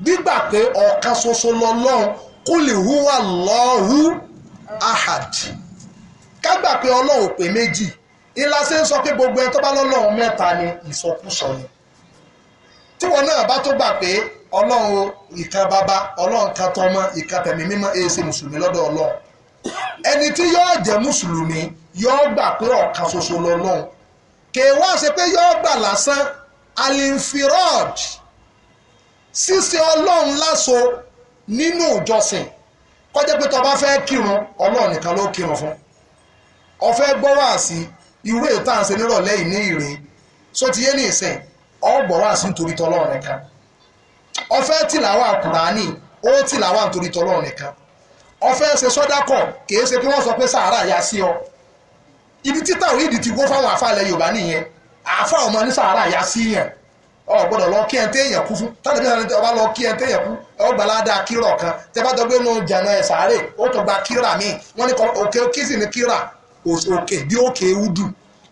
gbígbà pé ọ̀kan ṣoṣo lọ́lọ́run kúlì húwà lọ́hù ahad kágbà pé ọlọ́run ò pé méjì ìlà ṣe ń sọ pé gbogbo ẹni tó bá lọ́lọ́run mẹ́ta ni ìsọkúsọ ni tíwọ náà bá tó gbà pé ọlọ́run ìkan bàbá ọlọ́run kan tọmọ ìkan tẹ̀mí mímọ́ èyí ṣe mùsùlùmí lọ́dọ̀ ọlọ́run ẹni tí yóò jẹ́ mùsùlùmí yóò gbà pé ọ̀kan ṣoṣo lọ́lọ́run kèwá ṣe pé yóò gbà lásán alinfirọ́ọ̀dì ṣíṣe ọlọ́run láṣọ nínú ìjọsìn kọjá pé tó bá fẹ́ kírun ọlọ́run nìkan ló kírun fún ó fẹ́ gbọ́ wáàsí irú ètò à ń ṣe nírọ̀lẹ́ yìí ní ìrìn só ti yé ní ìsìn ó gbọ́ wáàsí nítorí tọlọ́run nìkan ó fẹ́ tìlàwà kùránì ó tìlàwà nítorí tọlọ́run nìkan ó fẹ́ ṣe sọ́dákọ̀ kìí ṣe pé wọ́n sọ pé sàárà ya sí ọ ibi títà òyìnbí ti gbó fáwọn àfàlẹ́ yorùbá nìyẹn àfà ọmọ ní sàárà ya sí yẹn ọ gbọ́dọ̀ lọ kí ẹn téèyàn kú fún tàbí sáré tí ọba lọ kí ẹn téèyàn kú ọ gbà ládàá kírọ̀ kan tẹ bá dọgbé nu jàǹdà ẹ̀ sáré ó tún gba kírà míì wọ́n ní òkè kí sì ní kírà òkè bí òkè ewúdù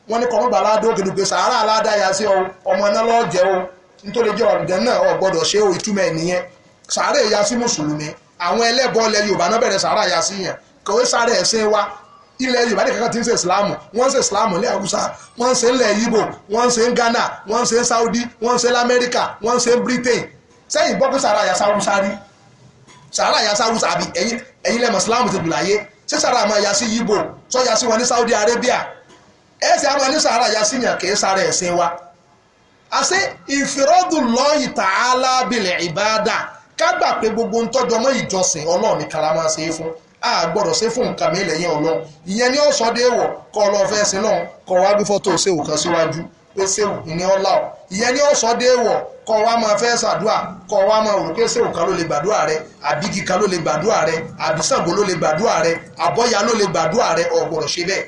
wọ́n ní kọ́mọ́ gbà ládàá òkè dùgbò sàárà aládàá yà sí ọ ọmọ iná lọ́ọ́ jẹ́ o nítorí jẹ́ ọ̀rùn náà ọ gbọ́dọ̀ ṣe o ìtumọ̀ ẹ̀nìyẹn sàárè ya sí mùsùlùmí àwọn ẹlẹ́bọ ilẹ̀ Yorùbá náà bẹ̀rẹ̀ sàárà ya sí yẹn kò ilẹ̀ yorùbá ní kankan ti ń ṣe islam wọ́n ń ṣe islam ní àwùsá wọ́n ń ṣe ilẹ̀ yíbò wọ́n ń ṣe ghana wọ́n ń ṣe saudi wọ́n ń ṣe lamẹ́ríkà wọ́n ń ṣe britain sẹ́yìn bọ́ pé sàrà àyàsá awúsá rí sàrà àyàsá awúsá àbí ẹ̀yin lẹ́mọ̀ islam ti dùn láyé ṣé sàrà àmọ́ yasí yíbò sọ yasí wọn ní saudi arabia ẹ̀sìn àmọ́ ní sàrà yasí yàn kì í sàrà ẹ̀sìn wa àṣé ìfìrọ́dùn lọ́ọ̀yì tààlà bìlẹ̀ ìbáadà ká gbà pé gbogbo ń tọ́jú ọmọ ìjọsìn ọlọ́ọ̀ni karamá ṣe é a gbọ́dọ̀ ṣe fún nǹkan mi lẹ́yìn ọ̀lọ́ ìyẹn ni ó sọ dé wọ̀ kọ́ ọ lọ fẹ́ sí náà kọ́ wá gbé fọ́tò ṣéwù kan síwájú pé ṣéwù ní ọ̀la ọ̀ ìyẹn ni ó sọ dé wọ̀ kọ́ wá máa fẹ́ ṣàdúà kọ́ wá máa rò pé ṣéwù kan ló lè gbàdúà rẹ àbí kíka ló lè gbàdúà rẹ àbí Ṣàngó ló lè gbàdúà rẹ àbọ́yá ló lè gbàdúà rẹ ò gbọ́dọ̀ ṣe bẹ́ẹ̀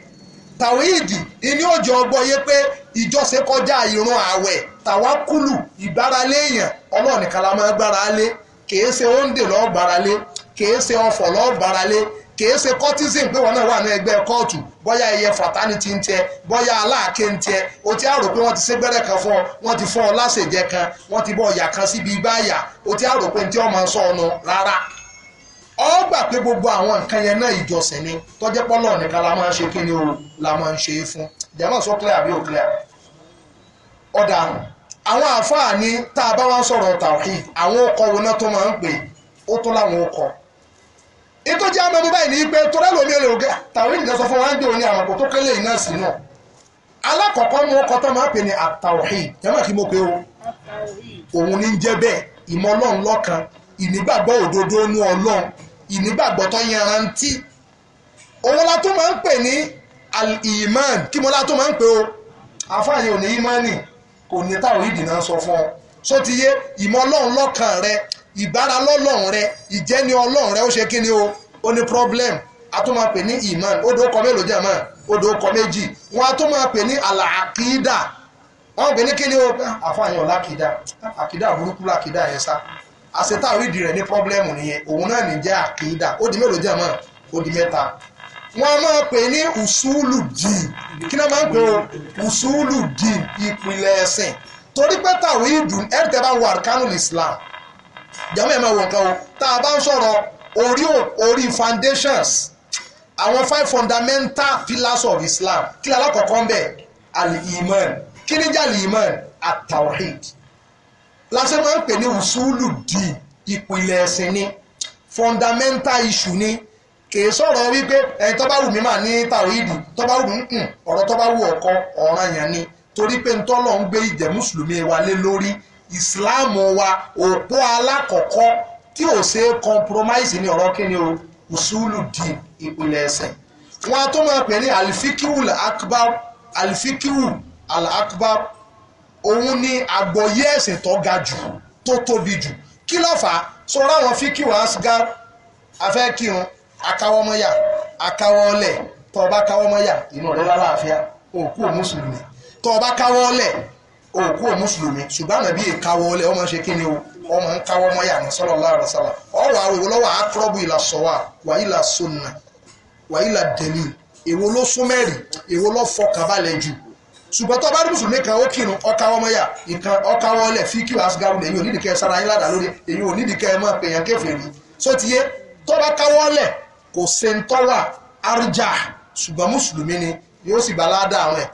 tàwíìdì ìní òjò ọgbọ́ yé pé ìjọsẹ kọjá ìrun ààwẹ̀ tàwákùlù ìgbáralé èèyàn ọlọ́ọ̀nìkan la máa gbáralé kèé ṣe oúnjẹ lọ́ọ́ gbáralé kèé ṣe ọ̀fọ̀ lọ́ọ̀bàrálé kèé ṣe cortism pé wọn náà wà ní ẹgbẹ́ kóòtù bóyá ẹyẹ fatality ń tẹ bóyá aláàké ń tẹ o ti àrò pé wọ́n ti ṣe gbẹ́rẹ́ kan fún ọ wọ́n ti fún ọ láṣẹ̀jẹ̀ kan wọ́n ti bọ́ ọ̀yà kan síbi ìgbáyà o ti àrò pé ní tí wọ́n máa ń sọ ọ̀nà rárá ọ gbà pé gbogbo àwọn nǹkan yẹn náà ìjọsìn ni tọ́jẹ́ pọ́lọ́ nìkan la máa ń ṣe kí ni o la máa ń ṣe é fún jẹ́mọ̀ sọ clear àbí ò clear ọ̀dà àwọn àfáà ní tá a bá wá sọ̀rọ̀ tàwí àwọn ọkọ̀ wo náà tó máa ń pè ó tó láwọn ọkọ̀ ètò jẹ́ àmọ́ mú báyìí ní pé torá lómi olè ògá tàwọn ènìyàn sọ fún wa ń gbé òní àmọ́ tó kélé iná sí náà alákọ̀ọ́kọ́ mú ọkọ̀ tó máa pè ní àtàwọ̀hìn jẹ́mọ̀ kí mo pé o òun ní jẹ́ bẹ́ẹ̀ ìmọ̀ ọlọ́run lọ́kan ìnígbàgbọ́ òdodo nú ọlọ́run ìnígbàgbọ́ tó yanrantí òun la tó máa ń pè ní al-iman kí mo la tó máa ń pè o àfààní òní imani kò ní táwọn ìdìnnà sọ fún ọ só ti yé ìmọ̀ ọlọ́run lọ́kan rẹ ìbára lọ́lọ́run rẹ ìjẹ́ni ọlọ́run rẹ ó ṣe kíni o ó ní problem a tún máa pè ní iman odò ọkọ mélòó jẹ́ mọ́ odò ọkọ méjì wọn a tún máa pè ní àlàkídà wọn pè ní kíni o àfààyàn làkídà àkídà burúkú làkídà yẹn sá àṣetà orídìí rẹ ní problem nìyẹn òun náà ní jẹ́ àkídà ó di mélòó jẹ́ mọ́ ó di mẹ́ta wọn a máa pè ní ùsùlù dín kí náà máa ń pè ó ùsùlù dín ìpìlẹ̀ ẹ̀sìn torí pé tàwíìdù ẹ̀rì tẹ́ bá ń wọ Islam jàmọ́ ẹ̀ máa wọ̀ nǹkan o tá a bá ń sọ̀rọ̀ orí orí foundations àwọn five fundamental pillars of Islam kí alákọ̀ọ́kọ́ ń bẹ̀ al-iman kí ni jẹ́ al-iman at-tawhid lásì máa ń pè ní usulu di ìpìlẹ̀ ẹ̀sìn ni fundamental issue ni kìí sọ̀rọ̀ wípé ẹni tó bá wù mí mà ní tàwíìdì tó wù ń mm, ọ̀rọ̀ tó wù ọkọ ọ̀ranyàn ni torí pé ń ń gbé ìjẹ́ mùsùlùmí wa lé lórí islam wa òpó alákọ̀ọ́kọ́ tí ò ṣe é compromise ní ọ̀rọ̀ kí ni o usulu di ìpìlẹ̀ ẹ̀sìn wọn a tó máa pè ní alifikiru akbar alifikiru akbar òun ni àgbọ̀yé ẹ̀sìn tó ga jù tó tóbi jù kí ló fà á sọ̀rọ̀ àwọn fíkìrù asgar afẹ́ kírun akáwọ́mọ́yà akáwọ́ọ́lẹ̀ tọ́ọ̀bá káwọ́mọ́yà inú rẹ̀ lálàáfíà òkú mùsùlùmí tọ́ọ̀bá káwọ́ọ́lẹ̀ òkú ò mùsùlùmí ṣùgbọ́n àbí ìkáwọ́ ọlẹ́ ọmọ ṣe kí ni o ọmọ ń káwọ́ mọ́ yàrá sọ́lọ́ láàrọ̀ sálà ọ̀rọ̀ àwọn ìwọlọ́wọ́ àkọ́rọ́bù ìlà sọ̀wà wàhílà sọ̀nà wàhílà dẹ̀lì èwo ló súnmẹ́rì èwo ló fọkànbalẹ̀ jù ṣùgbọ́n tó bá rí mùsùlùmí kan ó kírun ọ̀káwọ́ mọ́ yà ìkan ọ̀káwọ́ ọlẹ̀ fíkì asgaru lẹ́yìn onídìkẹ́ sara yín ládàá lórí èyí onídìkẹ́ só ti yé tó bá káwọ́ ọlẹ̀ kò se ń tọ́wà arújà ṣùgbọ́n mùsùlùmí ni yóò sì gbaládàá àwọn ẹ̀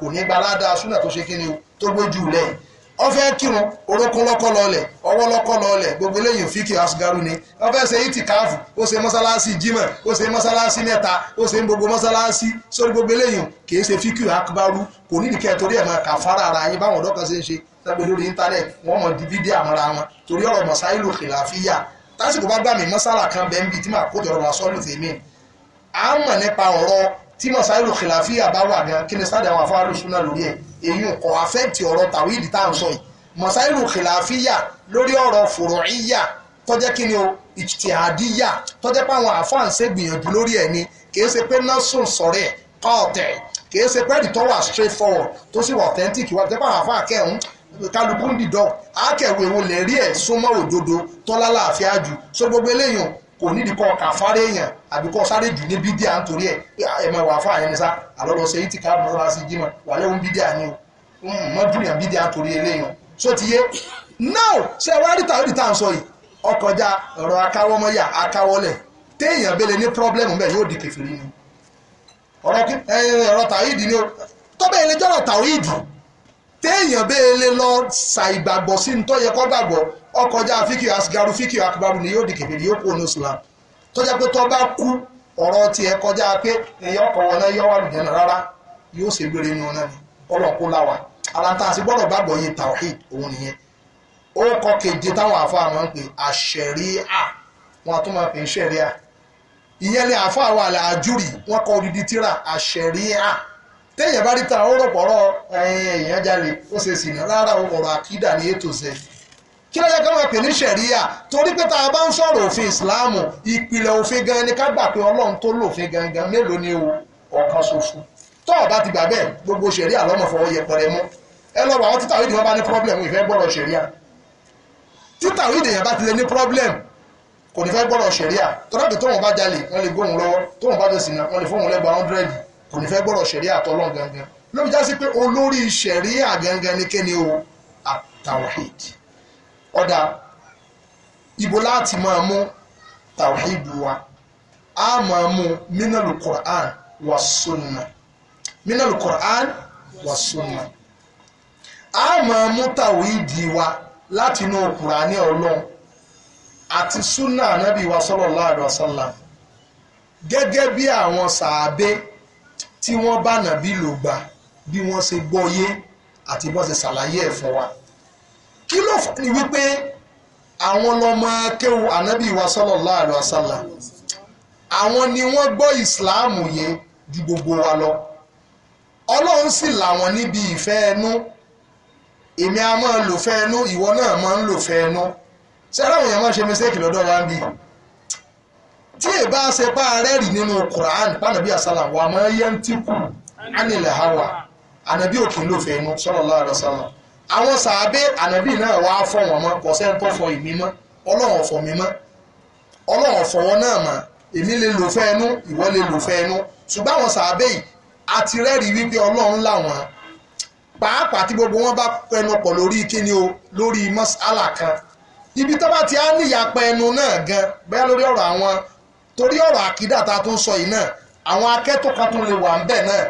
tó gbójú lẹ̀ ó fẹ́ kírun orókún lọ́kọ́ lọ́ọ̀lẹ̀ ọwọ́ lọ́kọ́ lọ́ọ̀lẹ̀ gbogbo eléyìí fíkì asgaru ni ó fẹ́ ṣe ìtìkáàfù ó ṣe mọ́sálásí jímọ̀ ó ṣe mọ́sálásí mẹ́ta ó ṣe gbogbo mọ́sálásí sórí gbogbo eléyìí kì í ṣe fíkì akbaru kò ní ìdíkẹ́ torí ẹ̀ máa kà fara ara yín báwọn ọ̀dọ́ kan ṣe ń ṣe sábẹ́ lórí íńtánẹ́ẹ̀tì wọ́n mọ̀ dífídì àmọ́ra wọn torí ọ̀rọ̀ mọ̀sáìlù kìláfíyà tásìkò bá gbà mí mọ́sálà kan bẹ́ẹ̀ tí masáìlú kìláfíà bá wà gan kí ni sáde àwọn afárò súná lórí ẹ̀ èyí kò àfẹ́ǹtì ọ̀rọ̀ tàwíìdì tá à ń sọ yìí masáìlú kìláfíà lórí ọ̀rọ̀ fòròíyà tọ́jẹ́ kí ni o ìtìhàdíyà tọ́jẹ́ pé àwọn àfáàǹsẹ́ gbìyànjú lórí ẹ̀ ni kìí ṣe pé nọ́ọ̀sùn sọ̀rọ̀ ẹ̀ kọ́ọ̀tẹ̀ kìí ṣe pẹ́ẹ́rì tó wà straight forward tó sì wà authentic wà tẹ́pẹ́ àwọn àfáà kẹ́hún kálukú ń dìdọ́ àákẹ́wé wo lè rí ẹ̀ súnmọ́ òdodo tọ́lá láàfíà jù kò nídìí kọ́ ọ̀kà fáré èèyàn àbí kọ́ sáré jù ní bídíà nítorí ẹ̀ ẹ̀ máa wà fún àyẹn ní sá àlọ́lọ́ ṣe ìtìká mọ́sálásí jímọ̀ wà lẹ́hùn bídíà ni o mọ́júlìyàn bídíà nítorí eléyàn so ti yé now ṣé wàá rí tàwọn ìdìtà ń sọ yìí ọkọjá ọ̀rọ̀ akáwọ́mọ́yà akáwọ́lẹ̀ téèyàn bẹ́lẹ̀ ní pọ́blẹ́mù bẹ́ẹ̀ yóò di kẹfìrí ni ọ̀rọ̀ tàwíìdì ni ó tọ́bẹ̀ ilé jọ́rọ̀ tàwíìdì téèyàn bẹ́ẹ̀ lé lọ ṣàìgbàgbọ́ sí ní tọ́yẹ ọkọjá fíkì asigaru fíkì akibaru ni yóò di kèfèrè yóò kú ònú pé bá kú ọ̀rọ̀ tiẹ̀ kọjá pé èyí ọkọ̀ wọn náà yọ wà náà rárá yóò ṣe gbére inú náà ni ọlọ́kú tawhid òun nìyẹn ó keje táwọn àfáà máa ń pè wọn tún máa pè ń ni àfáà wà là ájúrì wọn kọ odidi tíra ta ó rọ̀pọ̀rọ̀ ó ṣe sì ní rárá ọ̀rọ̀ àkídà kí ló yẹ ká máa pè ní sẹ̀ríyà torí pé tá a bá ń sọ̀rọ̀ òfin ìsìláàmù ìpìlẹ̀ òfin gan ni ká gbà pé ọlọ́run tó lòfin gangan mélòó ni o ọ̀kan ṣoṣo tó o bá ti gbà bẹ́ẹ̀ gbogbo sẹ̀ríyà lọ́mọ fọwọ́ yẹpẹrẹ mú ẹ lọ wọ àwọn títà òyìnbó bá ní pọ́blẹ̀mù ìfẹ́ gbọ́dọ̀ sẹ̀ríyà títà òyìnbó yẹn bá ti lè ní pọ́blẹ̀mù kò ní fẹ́ gbọ́dọ̀ sẹ̀ríà tọ́lájú tóun bá jalè wọ́n lè gbóhùn lọ́wọ́ tóun bá dẹ̀sìn náà wọ́n lè fóun lẹ́gbàá ọ́ndrẹ́dì kò ní fẹ́ gbọ́dọ̀ sẹ̀ríà tọ́lọ́n gangan ló fi pé olórí sẹ̀ríà gangan ní kéde o at-tawhid ọ̀dà ibo láti máa mú tàwíìdù wa a máa mú mínàlù Qur'an wà sunna mínàlù Qur'an wà sunna a máa mú tàwíìdì wa láti inú Kùránì Ọlọ́run àti sunna anábì wa sallallahu alaihi wasallam gẹ́gẹ́ bí àwọn sàábé tí wọ́n bá nàbí lò gbà bí wọ́n ṣe gbọ́ yé àti bọ́sẹ̀ ṣàlàyé ẹ̀ wa kí ló fà ní wípé àwọn lọmọ kéwu ànábì wa sallallahu alaihi wasallam àwọn ni wọ́n gbọ́ ìsìláàmù yẹn ju gbogbo wa lọ ọlọ́run sì làwọn níbi ìfẹ́ ẹnu èmi a máa lò fẹ́ ẹnu ìwọ náà máa ń lò fẹ́ ẹnu ṣé aláwọ̀ yẹn máa ṣe mistake lọ́dọ̀ wa ń bì tí èbá ṣe bá rẹ́ rì nínú Quran pànàbí àṣàlà wà máa yẹn ti kù ánilẹ̀ hawa ànàbí òkè ló fẹ́ ẹnu sallallahu alaihi wasallam àwọn sàábé ànábì náà wàá fọ wọn mọ́ kò sẹ́ni tó fọ èmi mọ́ ọlọ́run fọ mi mọ́ ọlọ́run fọ wọn náà mọ́ èmi lè lò fẹ́ ẹnu ìwọ lè lò fẹ́ ẹnu ṣùgbọ́n àwọn sàábé yìí a ti rẹ́rìí wípé ọlọ́run làwọn pàápàá tí gbogbo wọn bá pẹnu pọ̀ lórí kíni o lórí mọ́sálà kan ibi tó bá ti á níyàpẹ̀ ẹnu náà gan bẹ́ẹ̀ lórí ọ̀rọ̀ àwọn torí ọ̀rọ̀ àkídà tá a tún sọ yìí náà àwọn akẹ́tọ̀ọ́ kan tún lè wà ń bẹ̀ náà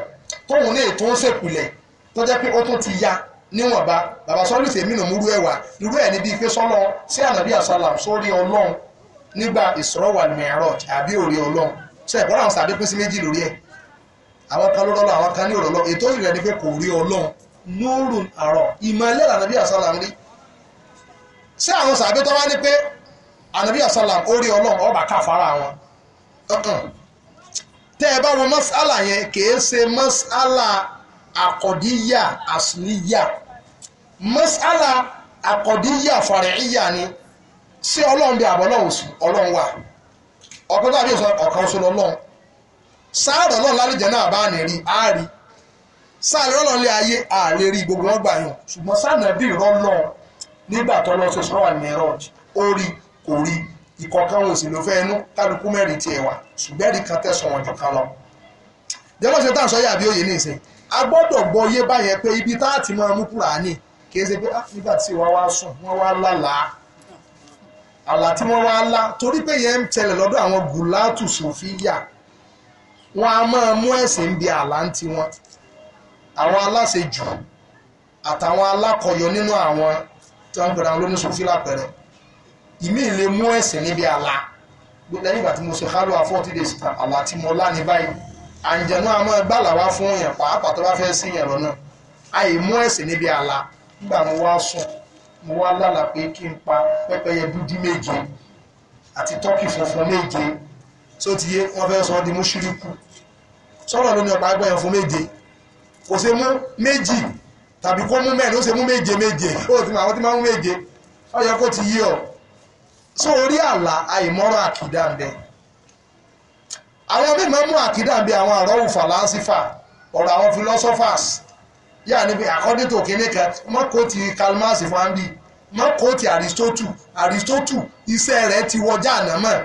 tóun náà tó ń ṣèpìlẹ̀ tó jẹ́ pé ó tún ti ya níwọ̀nba bàbá sọ́ọ́lù tèmi nù múrú ẹ̀wà irú ẹ̀ níbi pé sọ́lọ sí ànàbí àsálàm sórí ọlọ́run nígbà Isra wal Mi'raj àbí òrí ọlọ́run ṣe ìbọn àwọn sàbí pín sí méjì lórí ẹ̀ àwọn kan lọ́lọ́ àwọn kan ní òrọ̀lọ́ ètò ìrìn ẹni pé kò rí ọlọ́run nurun àrọ̀ ìmọ̀lẹ́ ànàbí àsálàm rí ṣé àwọn sàbí tó wá ní pé ànàbí àsálàm ó rí ọlọ́run ọba káfara wọn tẹ́ ẹ bá wọn mọ́sálà yẹn kì í ṣe mọ́sálà àkọ̀díyà àsìlíyà mọ́sálà àkọ̀díyà fàrẹ̀íyà ni ṣé ọlọ́run bí àbọ̀lọ́run sí ọlọ́run wà ọ̀pẹ́ tàbí ọ̀kan ṣoṣo lọ́lọ́run sáàrọ̀ lọ́run lálejò náà bá ní rí àárí sáàrọ̀ lọ́run lé ayé àlè rí gbogbo wọn gbà yàn ṣùgbọ́n sáànà bí ìrọ́ lọ́run nígbà tó lọ́ sọ̀rọ̀ wà ní ẹ̀rọ ó rí kò rí ìkọ̀ọ̀kan òun sì ló fẹ́ inú kálukú mẹ́rin tiẹ̀ wà ṣùgbẹ́rì kan tẹ̀sán wọn jù kan jẹ́wọ́n ṣe táà sọ yà bí òye ní ìsìn a gbọ́dọ̀ gbọ́ yé báyẹn pé ibi tá a ti máa mú kúránì kì í ṣe pé ah, nígbà tí wọ́n wá sùn wọ́n wá lálàá àlà tí wọ́n wá lá torí pé yẹn ń tẹ̀lẹ̀ lọ́dọ̀ àwọn gùlátù sòfíyà wọn a máa mú ẹ̀sìn bí àlá ń tiwọn àwọn aláṣejù àtàwọn alákọ̀yọ nínú àwọn tí wọ́n ń pèrè àwọn lónìí sòfíyà ìmí lè mú ẹ̀sìn níbi àlá lẹ́yìn ìgbà tí mo ṣe hálò àfọ́tí days àlá tí mo lá ní báyìí àǹjẹ̀nú àmọ́ gbàlà wá fún yàn pàápàá tó bá fẹ́ sí yàn lọ́nà àì mú ẹ̀sìn níbi àlà nígbà mo wá sùn mo wá lálà pé kí n pa pẹ́pẹ́yẹ dúdú méje àti tọ́kì funfun méje tó ti yé wọ́n fẹ́ sọ ọ́ di mú ṣíríkù sọ́nà ló ní ọ̀pá ẹgbẹ́ yẹn fún méje kò ṣe mú méjì tàbí kó mú mẹ́rin ó ṣe mú méje méje ó ti máa wọ́n ti máa mú méje ó kó ti yí ọ sórí àlà àìmọ́rọ̀ àkìdá ń bẹ́ẹ̀ àwọn mímọ́ mú àkídà bí àwọn àrọ́wù fàlásífà ọ̀rọ̀ àwọn philosophers yà ní pé according to kìíní kan wọ́n kó ti Karl Marx fún andy wọ́n kó ti Aristotle Aristotle iṣẹ́ rẹ̀ ti wọjá ànámọ́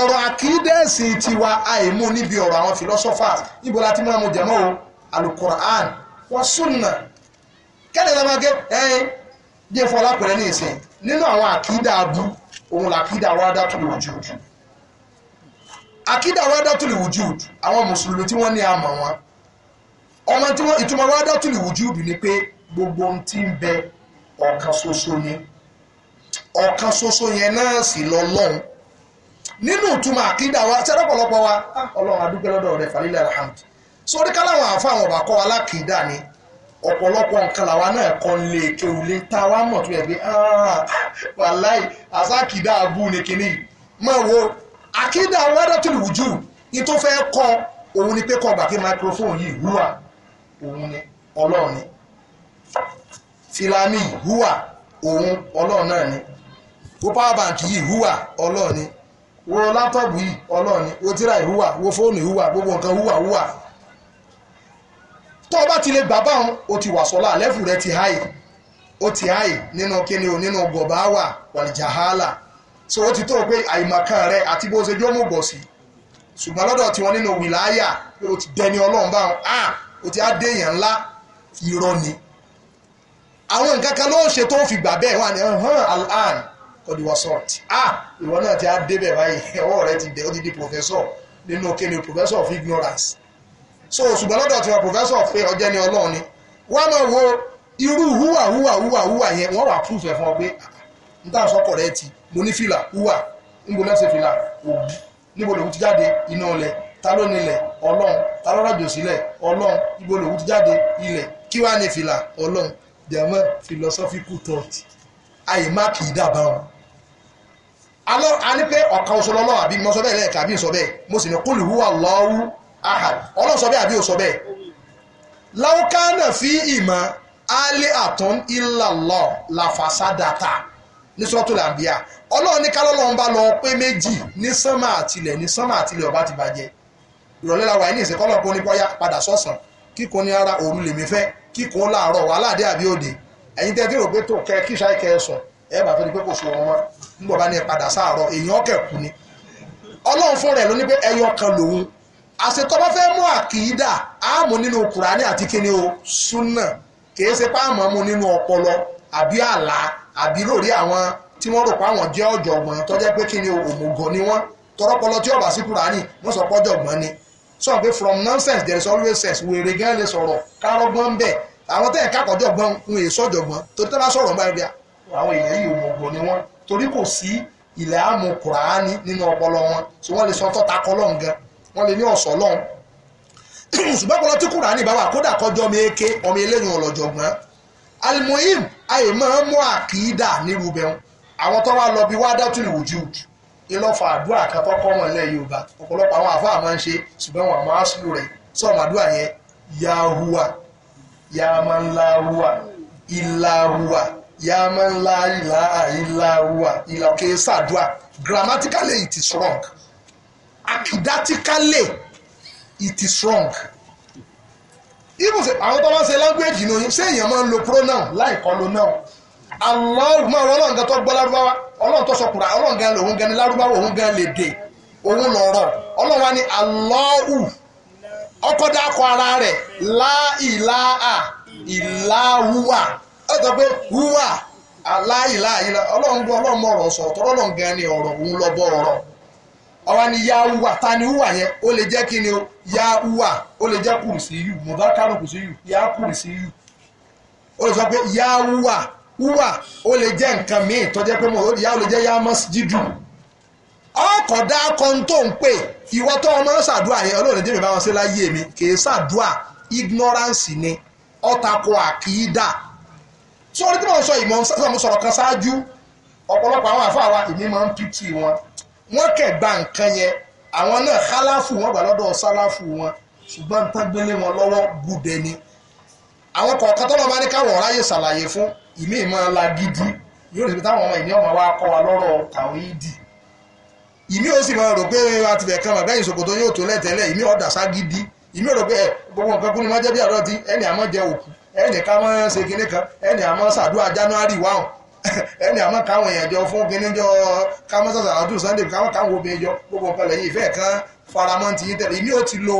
ọ̀rọ̀ àkídẹ́sì tiwa àìmú níbi ọ̀rọ̀ àwọn philosophers níbo la ti máa mú jẹ̀mọ́ o alukur'an wọ́n súnà kẹ́lẹ́ lọ́mọ gé ẹ̀yìn jẹ́ fọlápẹ̀rẹ̀ ní ìsìn nínú àwọn àkídà abú òun làkídà rádá tó lòjòjò Akida wádàtúlì wujud àwọn mùsùlùmí tí wọ́n ní àmọ̀ wọn ọmọ tí wọ́n ìtumọ̀ wádàtúlì wujud ni pé gbogbo ohun tí ń bẹ ọ̀kan ṣoṣo ni ọ̀kan ṣoṣo yẹn náà sì lọ́lọ́run nínú ìtumọ̀ àkídà wa sẹ́dọ̀ pọ̀lọpọ̀ wa ah, ọlọ́run adúgbò lọ́dọ̀ rẹ̀ falilẹ̀ alhamd sórí káláwọn àfa àwọn ọba kọ́ wa ni ọ̀pọ̀lọpọ̀ nǹkan làwa náà kọ́ ń lé kéwulé tá a wá tó yẹ pé ah, ah, wàláì àsákìdá abú ni kínní mọ̀ àkídà wadatul wujud ní tó fẹ́ kọ òun ni pé kọ gbà microphone yìí hùwà òun ni ọlọ́run filami hùwà òun ọlọ́run náà ni power bank yìí hùwà ọlọ́run ni wo látọ̀bù yìí ọlọ́run ni wo tíra ìhùwà wo fóònù ìhùwà gbogbo nǹkan hùwà hùwà tó o bá ti lè gbà báwọn o ti wà sọ́lá àlẹ́fù rẹ ti háì o ti háì nínú kíni o nínú gọ̀báwà wàlìjàhálà so ó ti tó o pé àìmọ̀kan rẹ àti bó ṣe jọ́mọ̀ bọ̀ sí ṣùgbọ́n lọ́dọ̀ tí wọ́n nínú wìláyà pé o ti dẹni ọlọ́run báwọn a ah, o ti á dé èèyàn ńlá irọ́ ni àwọn nǹkan kan ló ń ṣe tó fi gbà bẹ́ẹ̀ wà ní hàn alhan kọ́díwọ́ sọ́ọ̀tì a ah, ìwọ náà ti á débẹ̀ báyìí ọwọ́ rẹ ti dẹ̀ ó ti di professor nínú kéde professor of ignorance so ṣùgbọ́n lọ́dọ̀ tí wọ́n professor pé ọjẹ́ ni ọlọ́run ni wọ́n máa wo irú húwà húwà húwà húwà yẹn wọ́n wà proof ẹ̀ fún ọ pé ah, n sọ́kọ̀ rẹ ti mo ní fìlà húwà níbo lọ́sẹ̀ fìlà òwú níbo lòun ti jáde iná ọlẹ̀ ta ló nílẹ̀ ọlọ́run ta ló rọ̀jò sílẹ̀ ọlọ́run níbo lòun ti jáde ilẹ̀ kí wàá ní fìlà ọlọ́run jẹ̀mọ́ philosophical thought àyè má kì í dàbà wọn. alọ́ a ní pé ọ̀kan oṣù lọ́lọ́ àbí mo sọ bẹ́ẹ̀ lẹ́ẹ̀ka àbí sọ bẹ́ẹ̀ mo sì ní qul huwa Allahu ahad ọlọ́run sọ bẹ́ẹ̀ àbí ò sọ bẹ́ẹ̀. law kana fi ìmọ̀ alẹ́ àtọ́n illa Allah la fasadata ní sọ́tò làǹbíà ọlọ́run ní kálọ́lọ́run bá lọ pé méjì ní sánmà àtìlẹ̀ ní sánmà àtìlẹ̀ ọba ti bàjẹ́ ìrọ̀lẹ́ la wà ní ìsìn kọ́lọ́ kóní bọ́yá padà sọ́sàn kíkó ní ara òru lèmi fẹ́ kíkó láàárọ̀ wà láàdé àbí òde ẹ̀yin tẹ́tí rò pé tó kẹ kí ṣáì kẹ ẹ sùn ẹ bá tó di pé kò sùn wọn nígbà bá ní ẹ padà sáàárọ̀ èèyàn kẹ̀ kú ni ọlọ́run fún rẹ̀ ló ní pé ẹyọ kan lòun àṣetọ́ bá fẹ́ mú àkìídà àmú nínú kùránì àti kíni o súnà kì í ṣe páàmù mú nínú ọpọlọ àbí àlá àbí lórí àwọn tí wọ́n rò pé àwọn jẹ́ ọ̀jọ̀gbọ́n tó jẹ́ pé kí ni òmùgọ̀ ni wọ́n tọrọpọlọ tí ọba sí kúránì wọ́n sọ pọ́jọ̀gbọ́n ni sọ pé from nonsense there is always sense wèrè gan lè sọ̀rọ̀ kárọ́gbọ́n ń bẹ̀ àwọn tẹ̀ kákọ̀jọ̀gbọ́n ń èso ọ̀jọ̀gbọ́n torí tẹ́ bá sọ̀rọ̀ ń bá rí àwọn èèyàn yìí òmùgọ̀ ni wọ́n torí kò sí ilẹ̀ àmú kúránì nínú ọpọlọ wọn tí wọ́n lè sọ tọ́ta kọlọ́n gan wọ́n lè ní àyè máa mú àkìdá nírú bẹ́ẹ̀ àwọn tó wá lọ bí wá dátúlù wùjúùdù ìlọ́fà àdúrà kan tó kọ́mọ̀ ilẹ̀ yorùbá ọ̀pọ̀lọpọ̀ àwọn àfáà máa ń ṣe ṣùgbọ́n wọn máa ń sílù rẹ̀ sọ̀rọ̀ àdúrà yẹn yahuwa yamanlahuwa ilahuwa yamanla ilaha ilahuwa ìlàkè sàdúà grammatically it is wrong akidatically it is wrong Ibu say àwọn tó bá ń na language ní oyin ṣé èèyàn máa ń lo pronoun láì kọ́ lo noun Allah máa rọ ọlọ́run gan tó gbọ́ lárúbáwá ọlọ́run tó sọkùnrà ọlọ́run gan lòun gan ni lárúbáwá òun gan lè dè òun wa ni ara rẹ̀ láìláà ìláwúwà ó sọ pé wúwà láìláà ọ̀rọ̀ ni yahuwa ta ni huwa yẹn ó lè jẹ́ kí ni o yahuwa ó lè jẹ́ kùrìsì yù mọ̀bá kárùn kùrìsì yù yá kùrìsì yù ó lè sọ pé yahuwa huwa ó lè jẹ́ nǹkan míì tó jẹ́ pé mo yá ó lè jẹ́ yá masjidu ọkọ̀dá kan tó ń pè ìwọ tó ọmọ ṣàdúrà yẹn ọlọ́run jẹ́ mi bá wọn ṣe láyé mi kìí ṣàdúrà ignorance ni ọ̀tako àkìídà sórí tí mo sọ ìmọ̀ sọ̀rọ̀ kan ṣáájú ọ̀pọ̀lọpọ̀ àwọn àfáà wa èmi máa ń pìtì wọn wọ́n kẹ̀ gba nǹkan yẹn àwọn náà kálàfù wọ́n gbà lọ́dọ̀ sálàfù wọn ṣùgbọ́n tán gbélé wọn lọ́wọ́ gùdẹ ni àwọn kọ̀ọ̀kan tọ́lọ́ bá ní káwọn ráyè ṣàlàyé fún ìmí ìmọ̀ ńlá gidi yóò sì táwọn ọmọ ìní ọmọ wa kọ́ wa lọ́rọ̀ tàwídì ìmí ó sì máa rò pé àtìbẹ̀ kan mà bẹ́yìn ṣòkòtò yóò tó lẹ́tẹ̀lẹ̀ ìmí ọ̀dà ságidi ìmí rò pé gbogbo nǹkan kú ni wọ́n jẹ́ bí àdọ́tí ẹni àmọ́ jẹ òkú ẹni ká mọ́ ṣe kinní kan ẹni àmọ́ ṣàdúrà January 1 ẹni àmọ́ káwọn èèyàn jọ fún kínní jọ káwọn sàṣàlátù sunday káwọn káwọn obìnrin jọ gbogbo nǹkan lẹ́yìn ìfẹ́ kan faramọ́ ti yín tẹ̀lé ìmí ò ti lo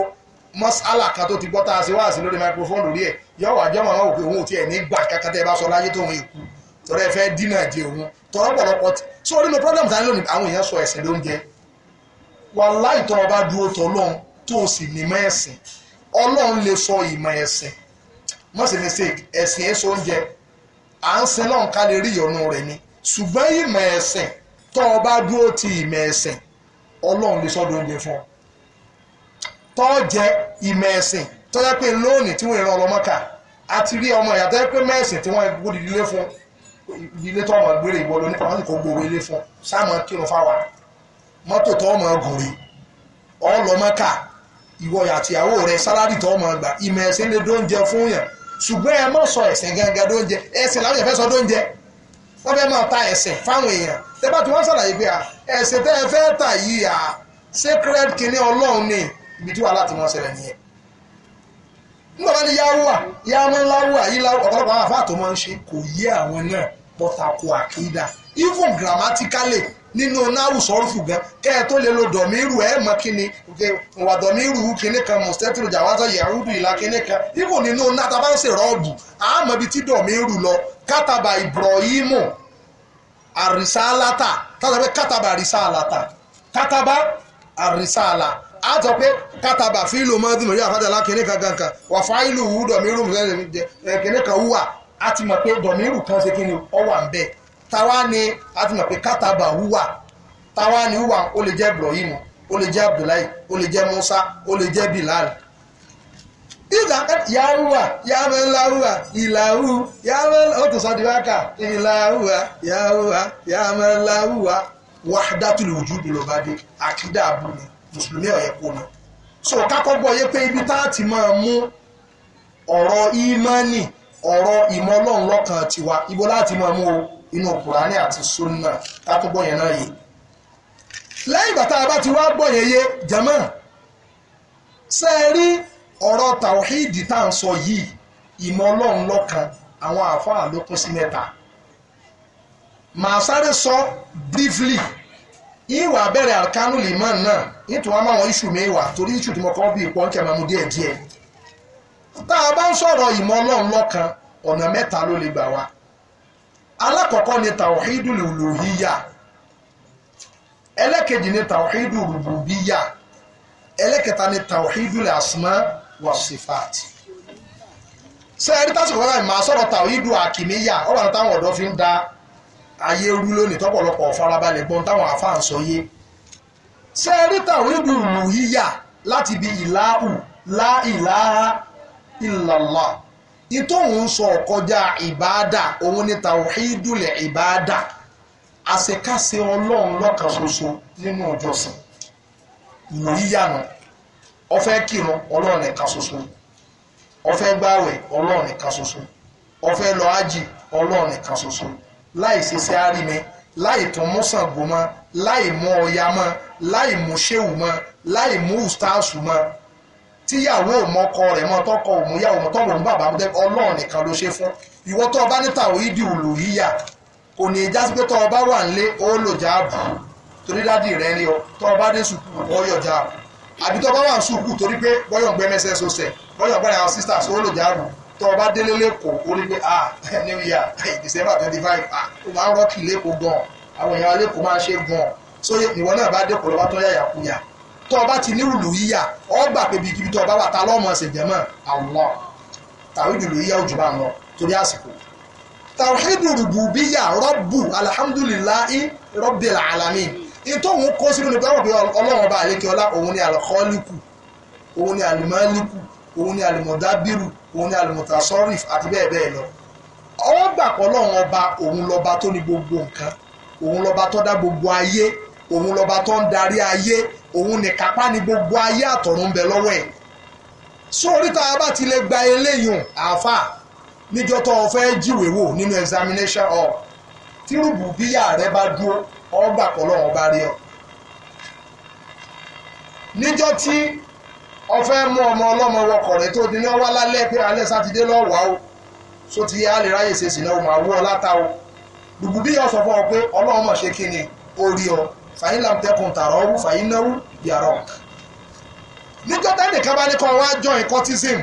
mọ́sálà kan tó ti gbọ́ tá a ṣe wá sí lórí microphone lórí ẹ̀ yóò wá jẹ́ màmá òkè òun ò tiẹ̀ ní gbà kankan tẹ́ ẹ bá sọ láyé tóun èkú tọ́lá ẹ fẹ́ dínà di òun tọ́lá pọ̀lọpọ̀ tí so nínú problem tani lónìí àwọn èèyàn sọ ẹ̀sìn lóúnjẹ wàláì tọ́ ọba dúró tọ́lọ́n tó o sì nímọ̀ ẹ̀sìn ọlọ́run lè sọ ìmọ̀ ẹ̀sìn mọ́sí mistake ẹ̀sìn èso oúnjẹ à ń sin náà ká lè rí ìyọnu rẹ̀ ni ṣùgbọ́n ìmọ̀ ẹ̀sìn tó o bá dúró ti ìmọ̀ ẹ̀sìn ọlọ́run lè sọ́dọ̀ oúnjẹ fún ọ tó jẹ ìmọ̀ ẹ̀sìn tó jẹ́ pé lónìí tí wọ́n ìran ọlọ́mọ́ka àti rí ọmọ ìyàtọ̀ pé mẹ́sìn tí wọ́n gbódì ilé fún ilé tó ọmọ gbére ìwọ lónìí pàmò kò gbowó ilé fún sáàmù kírun fáwa mọ́tò tó ọmọ gòrè ọlọ́mọ́ka ìwọ àtìyàwó rẹ sálárì tó ọmọ gbà ìmọ̀ ẹ̀sìn lè dóúnjẹ fún ṣùgbọ́n ẹ mọ̀ sọ ẹ̀sìn gangan dóúnjẹ ẹ̀sìn làwọn yẹn fẹ́ sọ dóúnjẹ wọ́n fẹ́ máa ta ẹ̀sìn fáwọn èèyàn tẹ́ bá tí wọ́n ṣàlàyé pé ẹ̀sìn tẹ́ ẹ fẹ́ tà yìí à sacred kìnní ọlọ́run ni ibi tí wàhálà ti mọ̀ ṣẹlẹ̀ nìyẹn nígbà wọn ni yáwùwà yámúláwùwà yìí láwù ọ̀pọ̀lọpọ̀ àwọn àfáà máa ń ṣe kò yé àwọn náà pọ̀tàkù àkídà even grammatically nínú náwù sọ́rùfù gan kẹ́ ẹ tó lè lo dọ̀míìrù ẹ̀ mọ́ kíni wà dọ̀míìrù kíní kan mọ̀sẹ́tìrì jàwátọ̀ yẹ̀rúdù ìlà kíní kan ibò nínú náà tá a bá ń ṣe rọ́ọ̀bù àmọ́ ibi tí dọ̀míìrù lọ kátàbà ìbrọ̀hímù àrísàlátà tàbí pé kátàbà àrísàlátà kátàbà àrísàlà á sọ pé kátàbà fílù mọ́dúnmọ́ yóò àfájà lákíní kan kankan wà kan wà ń táwa ni a ti mọ̀ pé kátàbà húwà táwa ni húwà ó lè jẹ́ Ibrahim ó lè jẹ́ Abdullahi ó lè jẹ́ Musa ó lè jẹ́ Bilal ìlà Yahuwa, yàmẹ́láwà ìlàrú yàmẹ́lá ó tó sàdíwákà ìlàrúwà yàrúwà yàmẹ́láwà wahdatul wujud ló bá dé àkídà àbú ni mùsùlùmí ọ̀yẹ́ kó ni. so kákọ́gbọ́ yẹ pé ibi tá a ti máa mú ọ̀rọ̀ ìmánì ọ̀rọ̀ ìmọ̀ tiwa ibo láti máa mú o inú kùránì àti sunna tákùbọ̀ yẹn náà yé lẹ́yìn ìgbà tá a bá ti wá gbọ́ yẹn yé jẹ́mọ́ ṣe é rí ọ̀rọ̀ tàwíìdì tá à ń sọ yìí ìmọ̀ ọlọ́run lọ́kan àwọn àáfàá ló kún sí mẹ́ta màá sáré sọ briefly ìwà abẹ́rẹ́ àkánú lèmọ́n náà nítorí wọn máwọn iṣu mi wà torí iṣu tí mo kọ́ bí ìpọ́n kí a máa mú díẹ̀ díẹ̀ tá a bá ń sọ̀rọ̀ ìmọ̀ ọlọ́run lọ́kan ọ̀nà mẹ́ta ló lè gbà wá alákọ̀ọ́kọ́ ni tawhidul uluhiyya ẹlẹ́kejì ni tawhidul rububiyya ẹlẹ́kẹta ni tawhidul asma wa sifat ṣé ẹni tásìkò bá báyìí máa sọ̀rọ̀ tawhidul akimiyya ọ̀rọ̀ àwọn táwọn ọ̀dọ́ fi ń da ayé rú lónìí tọ́pọ̀lọpọ̀ farabalẹ̀ gbọ́n táwọn àfáà ń sọ yé ṣé ẹni tawhidul uluhiyya láti bi ìlàhù la ilaha illallah ìtòhún sọ ọ̀kọjá ìbáadà òun ni tawhidul ìbáadà àṣekáṣe ọlọ́run lọ́kan ṣoṣo nínú ìjọsìn ìròyìn yíyànà ọfẹ́ kírun ọlọ́run nìkan ṣoṣo ọfẹ́ gbàwẹ̀ ọlọ́run nìkan ṣoṣo ọfẹ́ lọ ájì ọlọ́run nìkan ṣoṣo láì ṣe sí àrími láì tún mú Ṣàngó mọ́ láì mú Ọya mọ́ láì mú ṣéwù mọ́ láì mú ustaasu mọ́ tíyàwó mọ́kọ rẹ̀ mọ́ tọkọ òmù yàwó mọ́ tọkọ òmù bàbá mọ́tẹ́ ọlọ́run nìkan ló ṣe fún ìwọ tó o bá ní tàwọn ìdí òlù yíyà kò ní ìjà sí pé tó o wà nílé ó lò jáàbù torí dádì rẹ ni ọ tó o bá dé sùkúù ó yọ jáàbù àbí tó o bá wà ní sùkúù torí pé bọ́yọ̀ ń gbé mss ọ̀sẹ̀ bọ́yọ̀ ń àwọn sisters ó lò jáàbù tó o bá délé lẹ́kọ̀ọ́ ó rí pé ah new year december twenty five ah ó máa ń rọ́ọ̀kì lẹ́kọ̀ọ́ gan àwọn èèyàn lẹ́kọ̀ọ́ máa ṣe gan so ìwọ náà bá dẹ́kọ̀ọ́ lọ́wọ́ tó o bá ti ní rùlù yíyà ọ gbà pé ibikíbi tó o bá wà ta lọ́mọ ọ̀sẹ̀ jẹ́mọ̀ Allah tàwídù lù yíyà òjò bá ń lọ torí àsìkò. tàwídù rùbùbíyà rọ́bù alhamdulillahi rabbil alamin ìtòhun kó sínú ní pẹ́wọ́ pé ọlọ́run ọba àlékè ọlá òun ni alkhaliku òun ni alimaliku òun ni alimọ̀dábírù òun ni alimọ̀tasọ́rìf àti bẹ́ẹ̀ bẹ́ẹ̀ lọ ọwọ́ gbà pọ̀ lọ́run ọba òun lọ́ba tó ní gbogbo nǹkan òun lọ́ba tó dá gbogbo ayé òun lọ́ba tó ń darí ayé òun nìkápá ni gbogbo ayé àtọ̀run ń bẹ lọ́wọ́ ẹ̀ sórí tá a bá ti lè gba eléyìí àáfà níjọ́ tó o fẹ́ jíwèé wò nínú examination hall tí rúbùbíyà rẹ bá dúró ọgbà pọ̀lọ́ ọba rí ọ níjọ́ tí o fẹ́ mú ọmọ ọlọ́mọ wọkọ̀ rẹ tó di ní ọwá lálẹ́ pé alẹ́ sátidé lọ́wọ́ o so ti yẹ alẹ́ ráyè ṣe sì náà máa wú ọ látà o rúbùbíyà sọ fún ọ pé ọlọ́run ṣe kí ni ó rí ọ fàyín làmùtẹ́kùn tààrọ̀ ọ̀hún fàyín náwó yàrá níjọ́ tẹ́nìkan bá ní kọ́ wá join cortism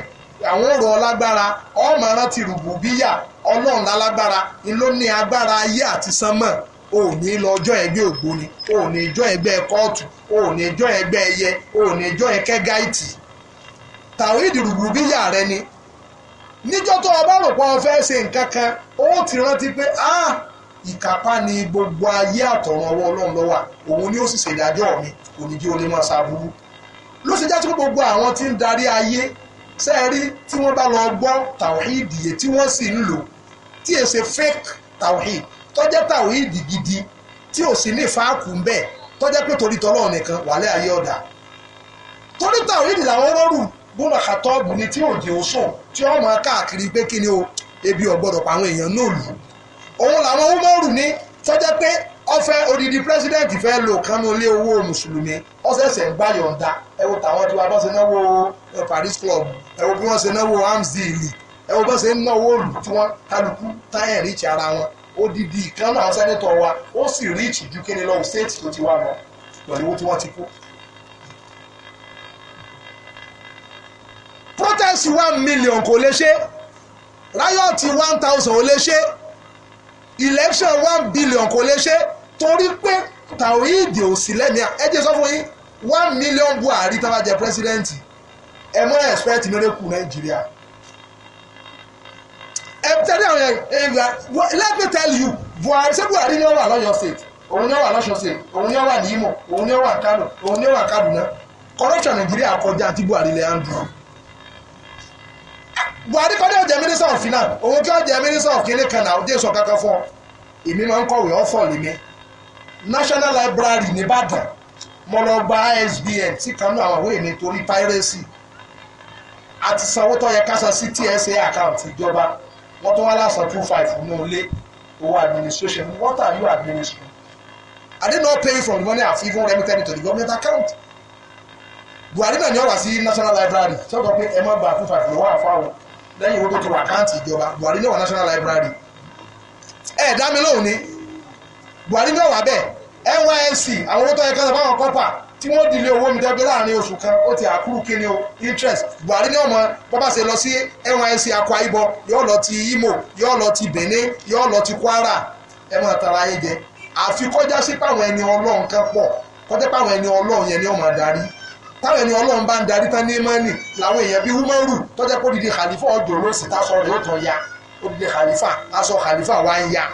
àwọn ọ̀rọ̀ ọlágbára ọmọ rántí rùbù bíyà ọlọ́run lálágbára ni ló ní agbára ayé àti sánmọ̀ ò ní lọ ọjọ́ ẹgbẹ́ ògbóni ò ní ìjọ ẹgbẹ́ kóòtù ò ní ìjọ ẹgbẹ́ ẹyẹ ò ní ìjọ ẹkẹ́ gáìtì tàwíìdì rùbù bíyà rẹ ni níjọ́ tó o bá rò pé o fẹ́ ṣe nǹkan kan ó ti rántí pé ah ìkápá ni gbogbo ayé àtọ̀run ọwọ́ ọlọ́run ló wà òun ni ó sì ṣèdájọ́ mi kò ní kí o lè máa ṣàbùrú ló ṣe jásí gbogbo àwọn tí ń darí ayé sẹ́ẹ̀rí tí wọ́n bá lọ gbọ́ tàwíìdì yẹn tí wọ́n sì ń lò tí è ṣe fake tàwíìdì tọ́jẹ́ tàwíìdì gidi tí ò sì ní fáàkù ń bẹ̀ tọ́jẹ́ pé torí tọ́lọ́ nìkan wàlẹ́ ayé ọ̀dà torí tàwíìdì làwọn rọrùn bùnà kàtọ́ọ̀bù ni tí òjì ó sùn tí wọ́n máa káàkiri pé kí ni o ebi ò gbọ́dọ̀ pa àwọn èèyàn náà lù ú òun làwọn Umaru ní sọ́jẹ́ pé ọfẹ́ odidi president fẹ́ lò kánú owó mùsùlùmí ọ̀sẹ̀sẹ̀ ń gbàyọ̀ǹda ẹ tàwọn tí wàá bá ṣe náwó Paris Club ẹ bí wọ́n ṣe náwó amsdale ẹ bá ṣe náwó òòlù tí wọ́n kálukú táyẹ̀ ríìchì ara wọn odidi ìkànnì àwọn sẹ́nẹ́tọ̀ wa ó sì ríìchì ju kéde lọ state tó ti wà lọ pẹ̀lú owó tí wọ́n ti kó. protest one million kò lè ṣe riot one thousand ò lè ṣe election one billion kò lè ṣe torí pé tàwíìdì ò sí ẹ jẹ́ sọ fún yín one million Buhari tó bá jẹ pírẹsidẹ́ǹtì ẹ mọ́ expect miracle Nàìjíríà ẹ tẹ́lẹ̀ àwọn yẹn let me tell you Buhari ṣé Buhari ni wọ́n wà lọ́yọ̀ state òun ni wọ́n wà lọ́sọ̀ state òun ni wọ́n wà ní Imo òun ni wọ́n wà Kano òun ni wọ́n wà Kaduna corruption Nàìjíríà kọjá àti Buhari lè handle Buhari kọ́ dẹ́ jẹ́ minister of finance òun kí wọ́n jẹ́ minister of kínní kan náà ó dé sọ kankan fún ọ èmi máa ń kọ̀wé ọ̀fọ̀ lèmi National Library nìbàdàn mo lọ gba ISBN tí kan náà àwọn òwe mi torí piracy àti sanwó tó yẹ kásá sí TSA account ìjọba wọ́n tó wá lásán two five ní ilé owó administration what are you administering I did not paying from the money I have even remitted to the government account Buhari náà ni ọ wá sí National Library ṣé o sọ pé ẹ má gba two five lọ́wọ́ àfáwọn lẹ́yìn owó tó wà káàntì ìjọba Buhari lè wà National Library ẹ̀ dá mi lóhùn ni Buhari lè wà bẹ́ẹ̀ NYSC àwọn owó tó yẹ kánṣẹ́ fáwọn kọ́pà tí wọ́n dìlé owó mi dẹ́gbẹ́ láàrin oṣù kan ó ti àkúrú kiri o interest Buhari ní ọmọ bàbá ṣe lọ sí NYSC Akwa Ibom yóò lọ ti Imo yóò lọ ti Benin yóò lọ ti Kwara ẹ máa tara ayé jẹ àfi kọjá sí páwọn ẹni ọlọ́run kan pọ̀ kọjá páwọn ẹni ọlọ́run yẹn ni ọmọ adarí táwọn ẹni ọlọ́run bá ń darí tán ní mọ́nì làwọn èèyàn bíi húmọ́rù tọ́jẹ́ kó dìde khalifa ọjọ́ lọ́sì tásọ rẹ̀ ó tàn ya ó dìde khalifa aṣọ khalifa wá ń ya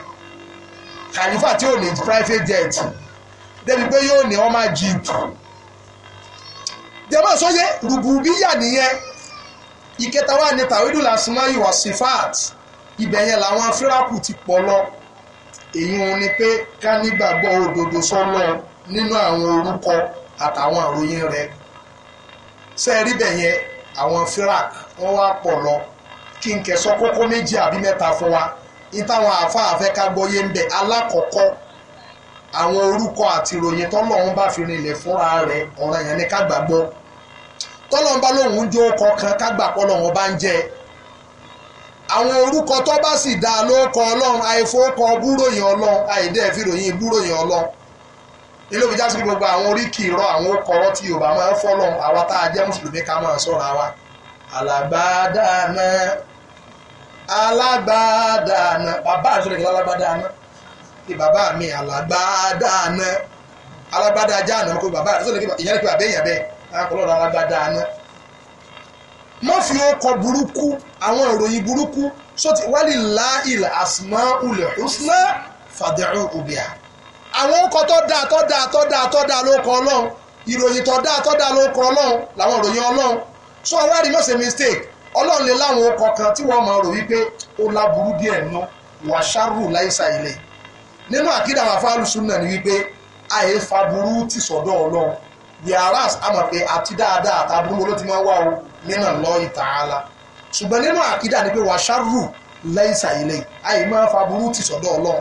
khalifa tí ò ní private jet débi pé yóò ní ọmọ jeep jẹ́mọ́ sọ́yé rùbùbíyà nìyẹn ìkẹta wà ní tàwídù làsímáyì wà sífàt ibẹ̀ yẹn làwọn fíràkù ti pọ̀ lọ èyí wọn ni pé ká nígbàgbọ́ òdodo sọ́lọ́ nínú àwọn orúkọ àtàwọn àròyìn rẹ̀ ṣe é rí bẹ̀ yẹn àwọn firak wọ́n wá pọ̀ lọ kí n kẹsọ́ kókó méjì àbí mẹ́ta fún wa ní táwọn àáfàá fẹ́ ká gbọ́yé ń bẹ̀ alákọ̀ọ́kọ́ àwọn orúkọ àti ìròyìn tọ́lọ́run bá fi rinlẹ̀ fúnra rẹ̀ ọ̀ràn yẹn ni ká gbàgbọ́ tọ́lọ́run bá lóun ń jó kọ̀ọ̀kan ká gbà pọ́ lọ́run bá ń jẹ́ àwọn orúkọ tó bá sì dáa ló kọ ọlọ́run àìfowókọ búròyìn ọlọ́run àìdẹ́ẹ̀fìròyìn búròyìn ọlọ́run ilé ìjà sí gbogbo àwọn oríkì irọ́ àwọn okọ̀rọ̀ tí yorùbá máa ń fọ́lọ́ àwa tá a jẹ́ mùsùlùmí ká máa sọ̀rọ̀ àwa. alábàádáná alábàádáná bàbá àti sọ̀rọ̀ ìkẹ́lẹ́ alábàádáná bàbá mi alábàádáná alábàádájá àná kó bàbá àti sọ̀rọ̀ ìyá rẹ̀ pé àbẹ́yìn àbẹ́ àkọlọ́rọ̀ alábàádáná. má fi okọ̀ burúkú àwọn ìròyìn burúkú sọ́ti wálé láìlà asmaul husna fàdéhùn òbíà. So àwọn orúkọ tó dáa tó dáa tó dáa tó dáa ló kọ ọlọ́run ìròyìn tó dáa tó dáa ló kọ ọlọ́run làwọn ìròyìn ọlọ́run so awárí má ṣe mistake ọlọ́run lè láwọn orúkọ kan tí wọ́n máa rò wípé ó láburú díẹ̀ ná wàṣárù láìsà ilẹ̀ nínú àkídà àwọn afárùsùn náà ni wípé àìfà burú ti sọ̀dọ̀ ọlọ́run yàrás àmọ̀ pé àti dáadáa àtàbúrú ló ti máa wá o mìíràn lọ ìtààlà ṣùgbọ́n nínú àkídà ni pé wàṣárù láìsà ilẹ̀ àì máa fa burú ti sọ̀dọ̀ ọlọ́run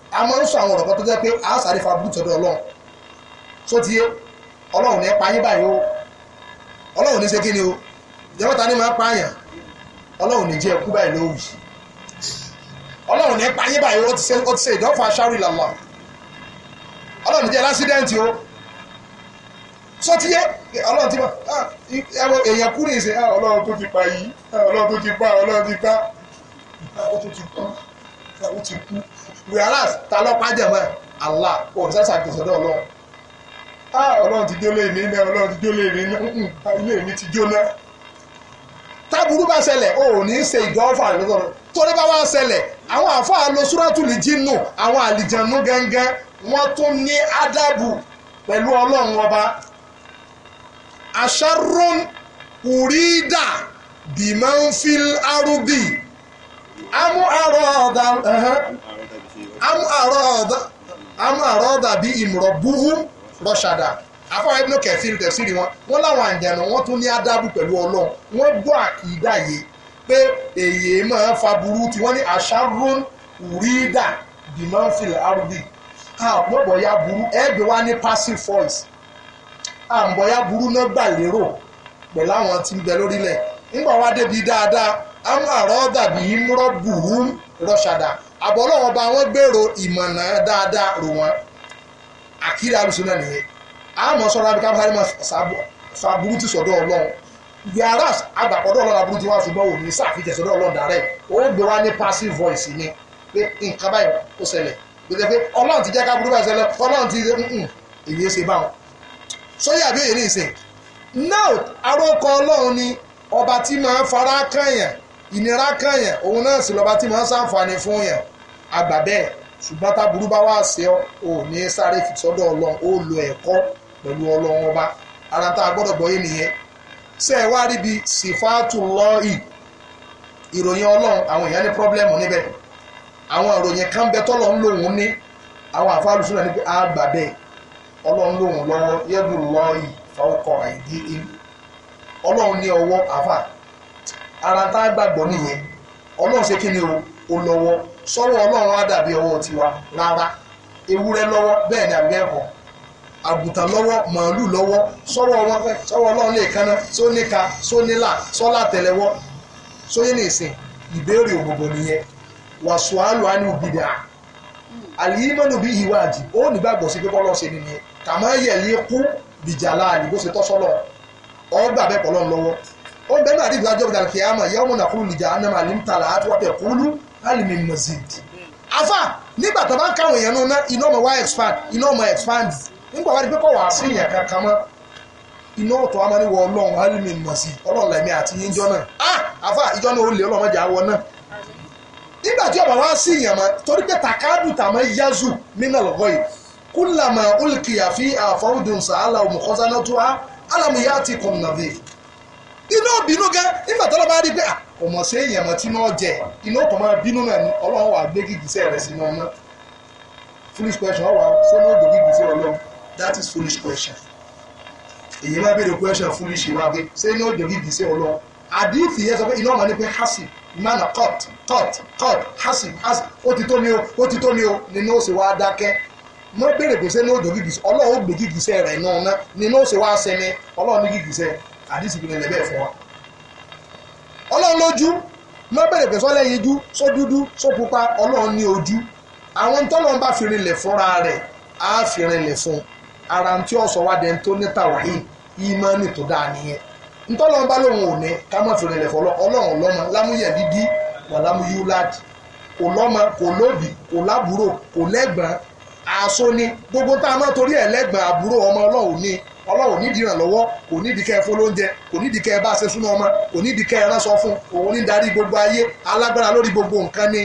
a máa ń sọ àwọn ọ̀rọ̀ kan tó jẹ́ pé a sáré fa búùtù ọ̀dọ̀ ọlọ́run só ti yé ọlọ́run ní pa yín báyìí o ọlọ́run ní ṣe kí ni o ìjọba ta ni máa pa àyàn ọlọ́run ní jẹ́ ẹkú báyìí ló wù yìí ọlọ́run ní pa yín báyìí o ó ti ṣe ìdánfà sáré làlá ọlọ́run ní jẹ́ lásídẹ́ǹtì o só ti yé ọlọ́run ti máa ah, èèyàn kú ní ìsìn ah, ọlọ́run tó ti pa yìí ah, ọlọ́run tó ti pa ọlọ́run ti pa ó tún ti kú ó ti kú whereas ta ló pàjẹ́mọ́ Allah òǹsẹ́sà tẹ̀sọ̀dọ̀ ọlọ́run á ah, ọlọ́run ti jólè mí iná ọlọ́run ti jólè mí iná ilé mi ti jóná táburú bá ṣẹlẹ̀ o ò ní í ṣe ìdánfà rẹ̀ lọ́tọ̀ torí bá wá ṣẹlẹ̀ àwọn àfáà lo súrátùlì jínù àwọn àlìjànú gángan wọ́n tún ní ádàbù pẹ̀lú ọlọ́run ọba asharun urida bimanfil arubi amu arọ ọ̀dà am àrọ́ọ̀dà bíi ìmùrọ̀ búhú rọ̀ṣàdà afọ́wọ́ ibùdó kẹfìrì tẹ̀síìrì wọn wọn láwọn àǹjànà wọn tún ní adábù pẹ̀lú ọlọ́run wọn gbọ́ àkìdá yìí pé èyí máa fa burú tí wọ́n ní àṣàrún rídà dìmọ́fìlì rb a bọ̀yá burú ẹgbẹ́ wa ní passive voice àwọn bọ̀yá burú náà gbà lérò pẹ̀lú àwọn tí ń bẹ lórílẹ̀ ńgbà wá débi dáadáa àwọn àrọ́ dàbí ìmúrọ̀ bùrú rọ̀ṣàdà àbọ̀ ọlọ́wọ́n bá wọ́n gbèrò ìmọ̀nà dáadáa rò wọ́n àkírí alùsùn náà nìyẹn àmọ́ sọ́ra bí káfíńtà máa sọ aburú ti sọ̀dọ̀ ọlọ́run yàrá àgbàkọ́dọ̀ ọlọ́run aburú ti wá ṣùgbọ́n òní sàfihàn sọ̀dọ̀ ọlọ́run dàrẹ́ ó gbé wá ní passive voice ni pé nǹkan báyìí ó ṣẹlẹ̀ gbèsè pé ọlọ́run ti jẹ́ káburú báyìí ṣẹlẹ̀ ọlọ́run ti èyí ṣe báwọn. sọ́yà bí èyí ní ìsìn now arókọ ọlọ́run ni ọba tí máa fara kàyàn ìnira kàyàn òun náà sì lọ́ba tí máa ṣàǹfààní fún yàn àgbà bẹ́ẹ̀ ṣùgbọ́n táburú bá wà sí ọ ò ní sáré fìtọ́dọ̀ ọlọ́run ó lo ẹ̀kọ́ pẹ̀lú ọlọ́run ọba ara tá a gbọ́dọ̀ gbọ́yé nìyẹn ṣe ẹ̀ wá rí bi sífàtù lọ́ọ̀ì ìròyìn ọlọ́run àwọn èèyàn ní pọ́blẹ́mù níbẹ̀ àwọn ìròyìn kan bẹ tọ́lọ̀ ń lòun ní àwọn àfáàlùsùn náà ní pé àgbà bẹ́ẹ̀ ọlọ́run lòun lọ́wọ́ yẹ́dù lọ́ọ̀ì fọwọ́kọ̀ àìdí in ọlọ́run ní ọwọ́ àfà ara tá a gbàgbọ́ nìyẹn o lọ́wọ́ sọ́wọ́ ọlọ́run á dàbí ọwọ́ tiwa rárá ewúrẹ́ lọ́wọ́ bẹ́ẹ̀ ni àbí ẹ̀kọ́ àgùntàn lọ́wọ́ màálù lọ́wọ́ sọ́wọ́ wọn fẹ́ sọ́wọ́ ọlọ́run lè kanna sóníka sónílà sọ́là tẹ̀lẹ́wọ́ sóyè lè sìn ìbéèrè ògbògbò nìyẹn wàásù àlù á ní òbídà àlìyémọ́nù bí ìwádìí ó nígbàgbọ́ sí pé kọ́lọ́ ṣe nìyẹn kàmá yẹ̀lé kú bìjàlá àlì bó ṣe tọ́sọ́lọ́ ọgbà bẹ́ẹ̀ kọ́lọ́ lọ́wọ́ ó bẹ́ẹ̀ náà rí ìdájọ́ ìdàkẹ́ àmọ̀ alimi mazid afa nígbà tó bá ń káwọn èèyàn náà iná ọmọ wa expand iná ọmọ expand nígbà wá ní pé kọ̀ wá sí ìyàn kankan mọ́ iná ọ̀tọ̀ wa máa ní wọ ọlọ́run alimi mazid ọlọ́run lẹ́mí àti yíjọ́ náà ah afa ìjọ náà ó lè ọlọ́mọdé àwọ náà nígbà tí ọmọ wa sí ìyàn mọ́ torí pé takadu tàmọ́ yazu nínú ọ̀gọ́ yìí kúlàmà olùkìyà fi àfọwọ́dùn sàálà òmùkọ́sánátó alamu yá ti kọ̀ọ̀nà bẹ́ẹ̀ inú òbínú gan nígbà tó lọ bá rí pé ọmọ ah, sí èèyàn mọ̀ tí náà jẹ inú òtọ̀ máa bínú náà ni ọlọ́run wà gbé gìgísẹ̀ rẹ̀ sínú ọmọ foolish question ọwọ́ ṣé ògbé gìgísẹ̀ ọlọ́run that is foolish question èyí máa béèrè question foolish wa pé ṣé ní ògbé gìgísẹ̀ ọlọ́run àdìfì yẹn sọ pé iná ọmọ ní pé hasib mana cut cut cut hasib hasib ó ti tó ní o ó ti tó ní o nínú òsè wa dákẹ́ mo béèrè pé ṣé ògbé gìgísẹ̀ ọlọ́run ó gbé gìgísẹ̀ rẹ̀ náà nínú òsè wa sẹ́ni ọlọ́run ní gìgísẹ̀ àdìsí kí ni ilẹ̀ bẹ́ẹ̀ fún wa. ọlọ́run lójú má bèrè pé sọ́lẹ̀ yìí jú só dúdú só pupa ọlọ́run ní ojú àwọn tọ́lọ́run bá fi rinlẹ̀ fúnra rẹ̀ á fi rinlẹ̀ fún ara tí ó sọ wá dẹni tó ní tàwáyé ìmánì tó dáa nìyẹn ntọ́lọ́run bá lòun ò ní ká má fi rinlẹ̀ fún ọlọ́run lọ́mọ lámúyẹ̀ dídí wà lámúyú láti kò lọ́mọ kò lóbì kò lábúrò kò lẹ́gbọ̀n àṣọ ni gbogbo tá a máa torí ẹ̀ lẹ́gbọ̀n àbúrò ọmọ ọlọ́run ní ọlọ́run nídìí ràn lọ́wọ́ kò nídìí kẹ́ ẹ fún lóúnjẹ kò nídìí kẹ́ ẹ bá ṣe súnmọ́ ọmọ kò nídìí kẹ́ ẹ ránṣọ fún òun ní darí gbogbo ayé alágbára lórí gbogbo nǹkan ni.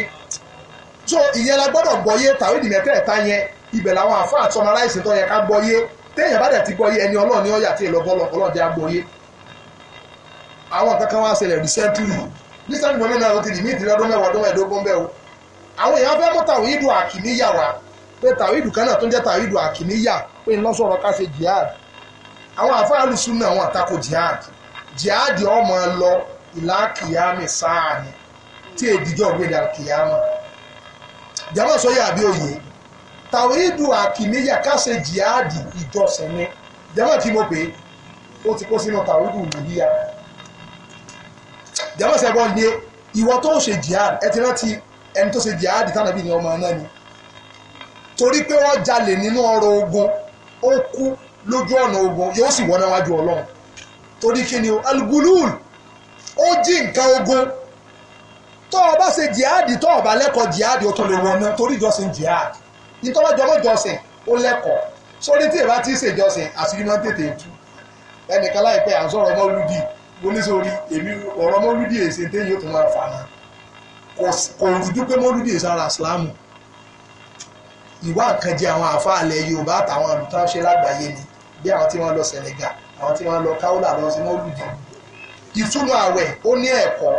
so ìyẹn la gbọ́dọ̀ gbọ́yé tàwé ìdì mẹ́tẹ̀ẹ̀ta yẹn ibẹ̀ làwọn àfa àtọmọ aláìsìn tó yẹ ká gbọ́yé téèyàn bá dẹ̀ ti gbọ́yé ẹni ọlọ́run ni ọ̀yà tí èlò bọ́lọ̀ ọlọ́dẹ agbọ́yé. àwọn kankan wá ṣẹlẹ̀ recently recently wọn náà ti dìmí ìdílé ọdún mẹ́wàá ọdún mẹ́ẹ̀ẹ́dógún bẹ́ẹ̀ o àwọn èèyàn fẹ́ mú tàwé ìdù àkìníyà wá pé tàwé ìdù kan náà tó ń jẹ́ tàwé ìdù àkìníyà pé ńlọ́sọ̀rọ̀ ká ṣe jihad àwọn àfáàlù sunna àwọn àtakò jihad jihad ọmọ lọ ìlà kìyàmì sáà ni tí èdìjọ́ gbẹ̀dà kìyàmà jàmọ́ sọ́yà àbí òye tàwíìdù àkìníyà káṣe jihadi ìjọsìn ni jàmọ́ tí mo pè é ó ti kó sínú tàwíìdù nìyíya jàmọ́ sẹ́gbọ́n ni ìwọ tó ṣe jihadi ẹ ti rántí ẹni tó ṣe jihadi tánàbí ni ọmọ náà ni torí pé wọ́n jalè nínú ọrọ̀ ogun ó kú lójú ọ̀nà ogun yóò sì wọ́n níwájú ọlọ́run torí kí ni o algulul ó jí nǹkan ogun tó o bá ṣe jihad tó o bá lẹ́kọ̀ọ́ jihad o tó lè wọ́n náà torí ìjọsìn jihad ìtọ́wájọ́ mọ́jọsìn ó lẹ́kọ̀ọ́ sórí tí èèyàn ti ṣèjọsìn àṣírí máa ń tètè tú ẹnìkan láìpẹ́ à ń sọ̀rọ̀ mọ́lúdì mo ní sórí èmi ọ̀rọ̀ mọ́lúdì èsì téyìn ó tún máa fà á kò rújú pé mọ́lúdì èsì ara ìsìlámù ìwà nǹkan jẹ àwọn àáfàá ilẹ̀ Yorùbá àtàwọn àlùtàn ṣe lágbàáyé ni bí àwọn tí wọ́n lọ Senegal àwọn tí wọ́n lọ kaula lọ sí mọ́lùdì ìtúnu àwẹ̀ ó ní ẹ̀kọ́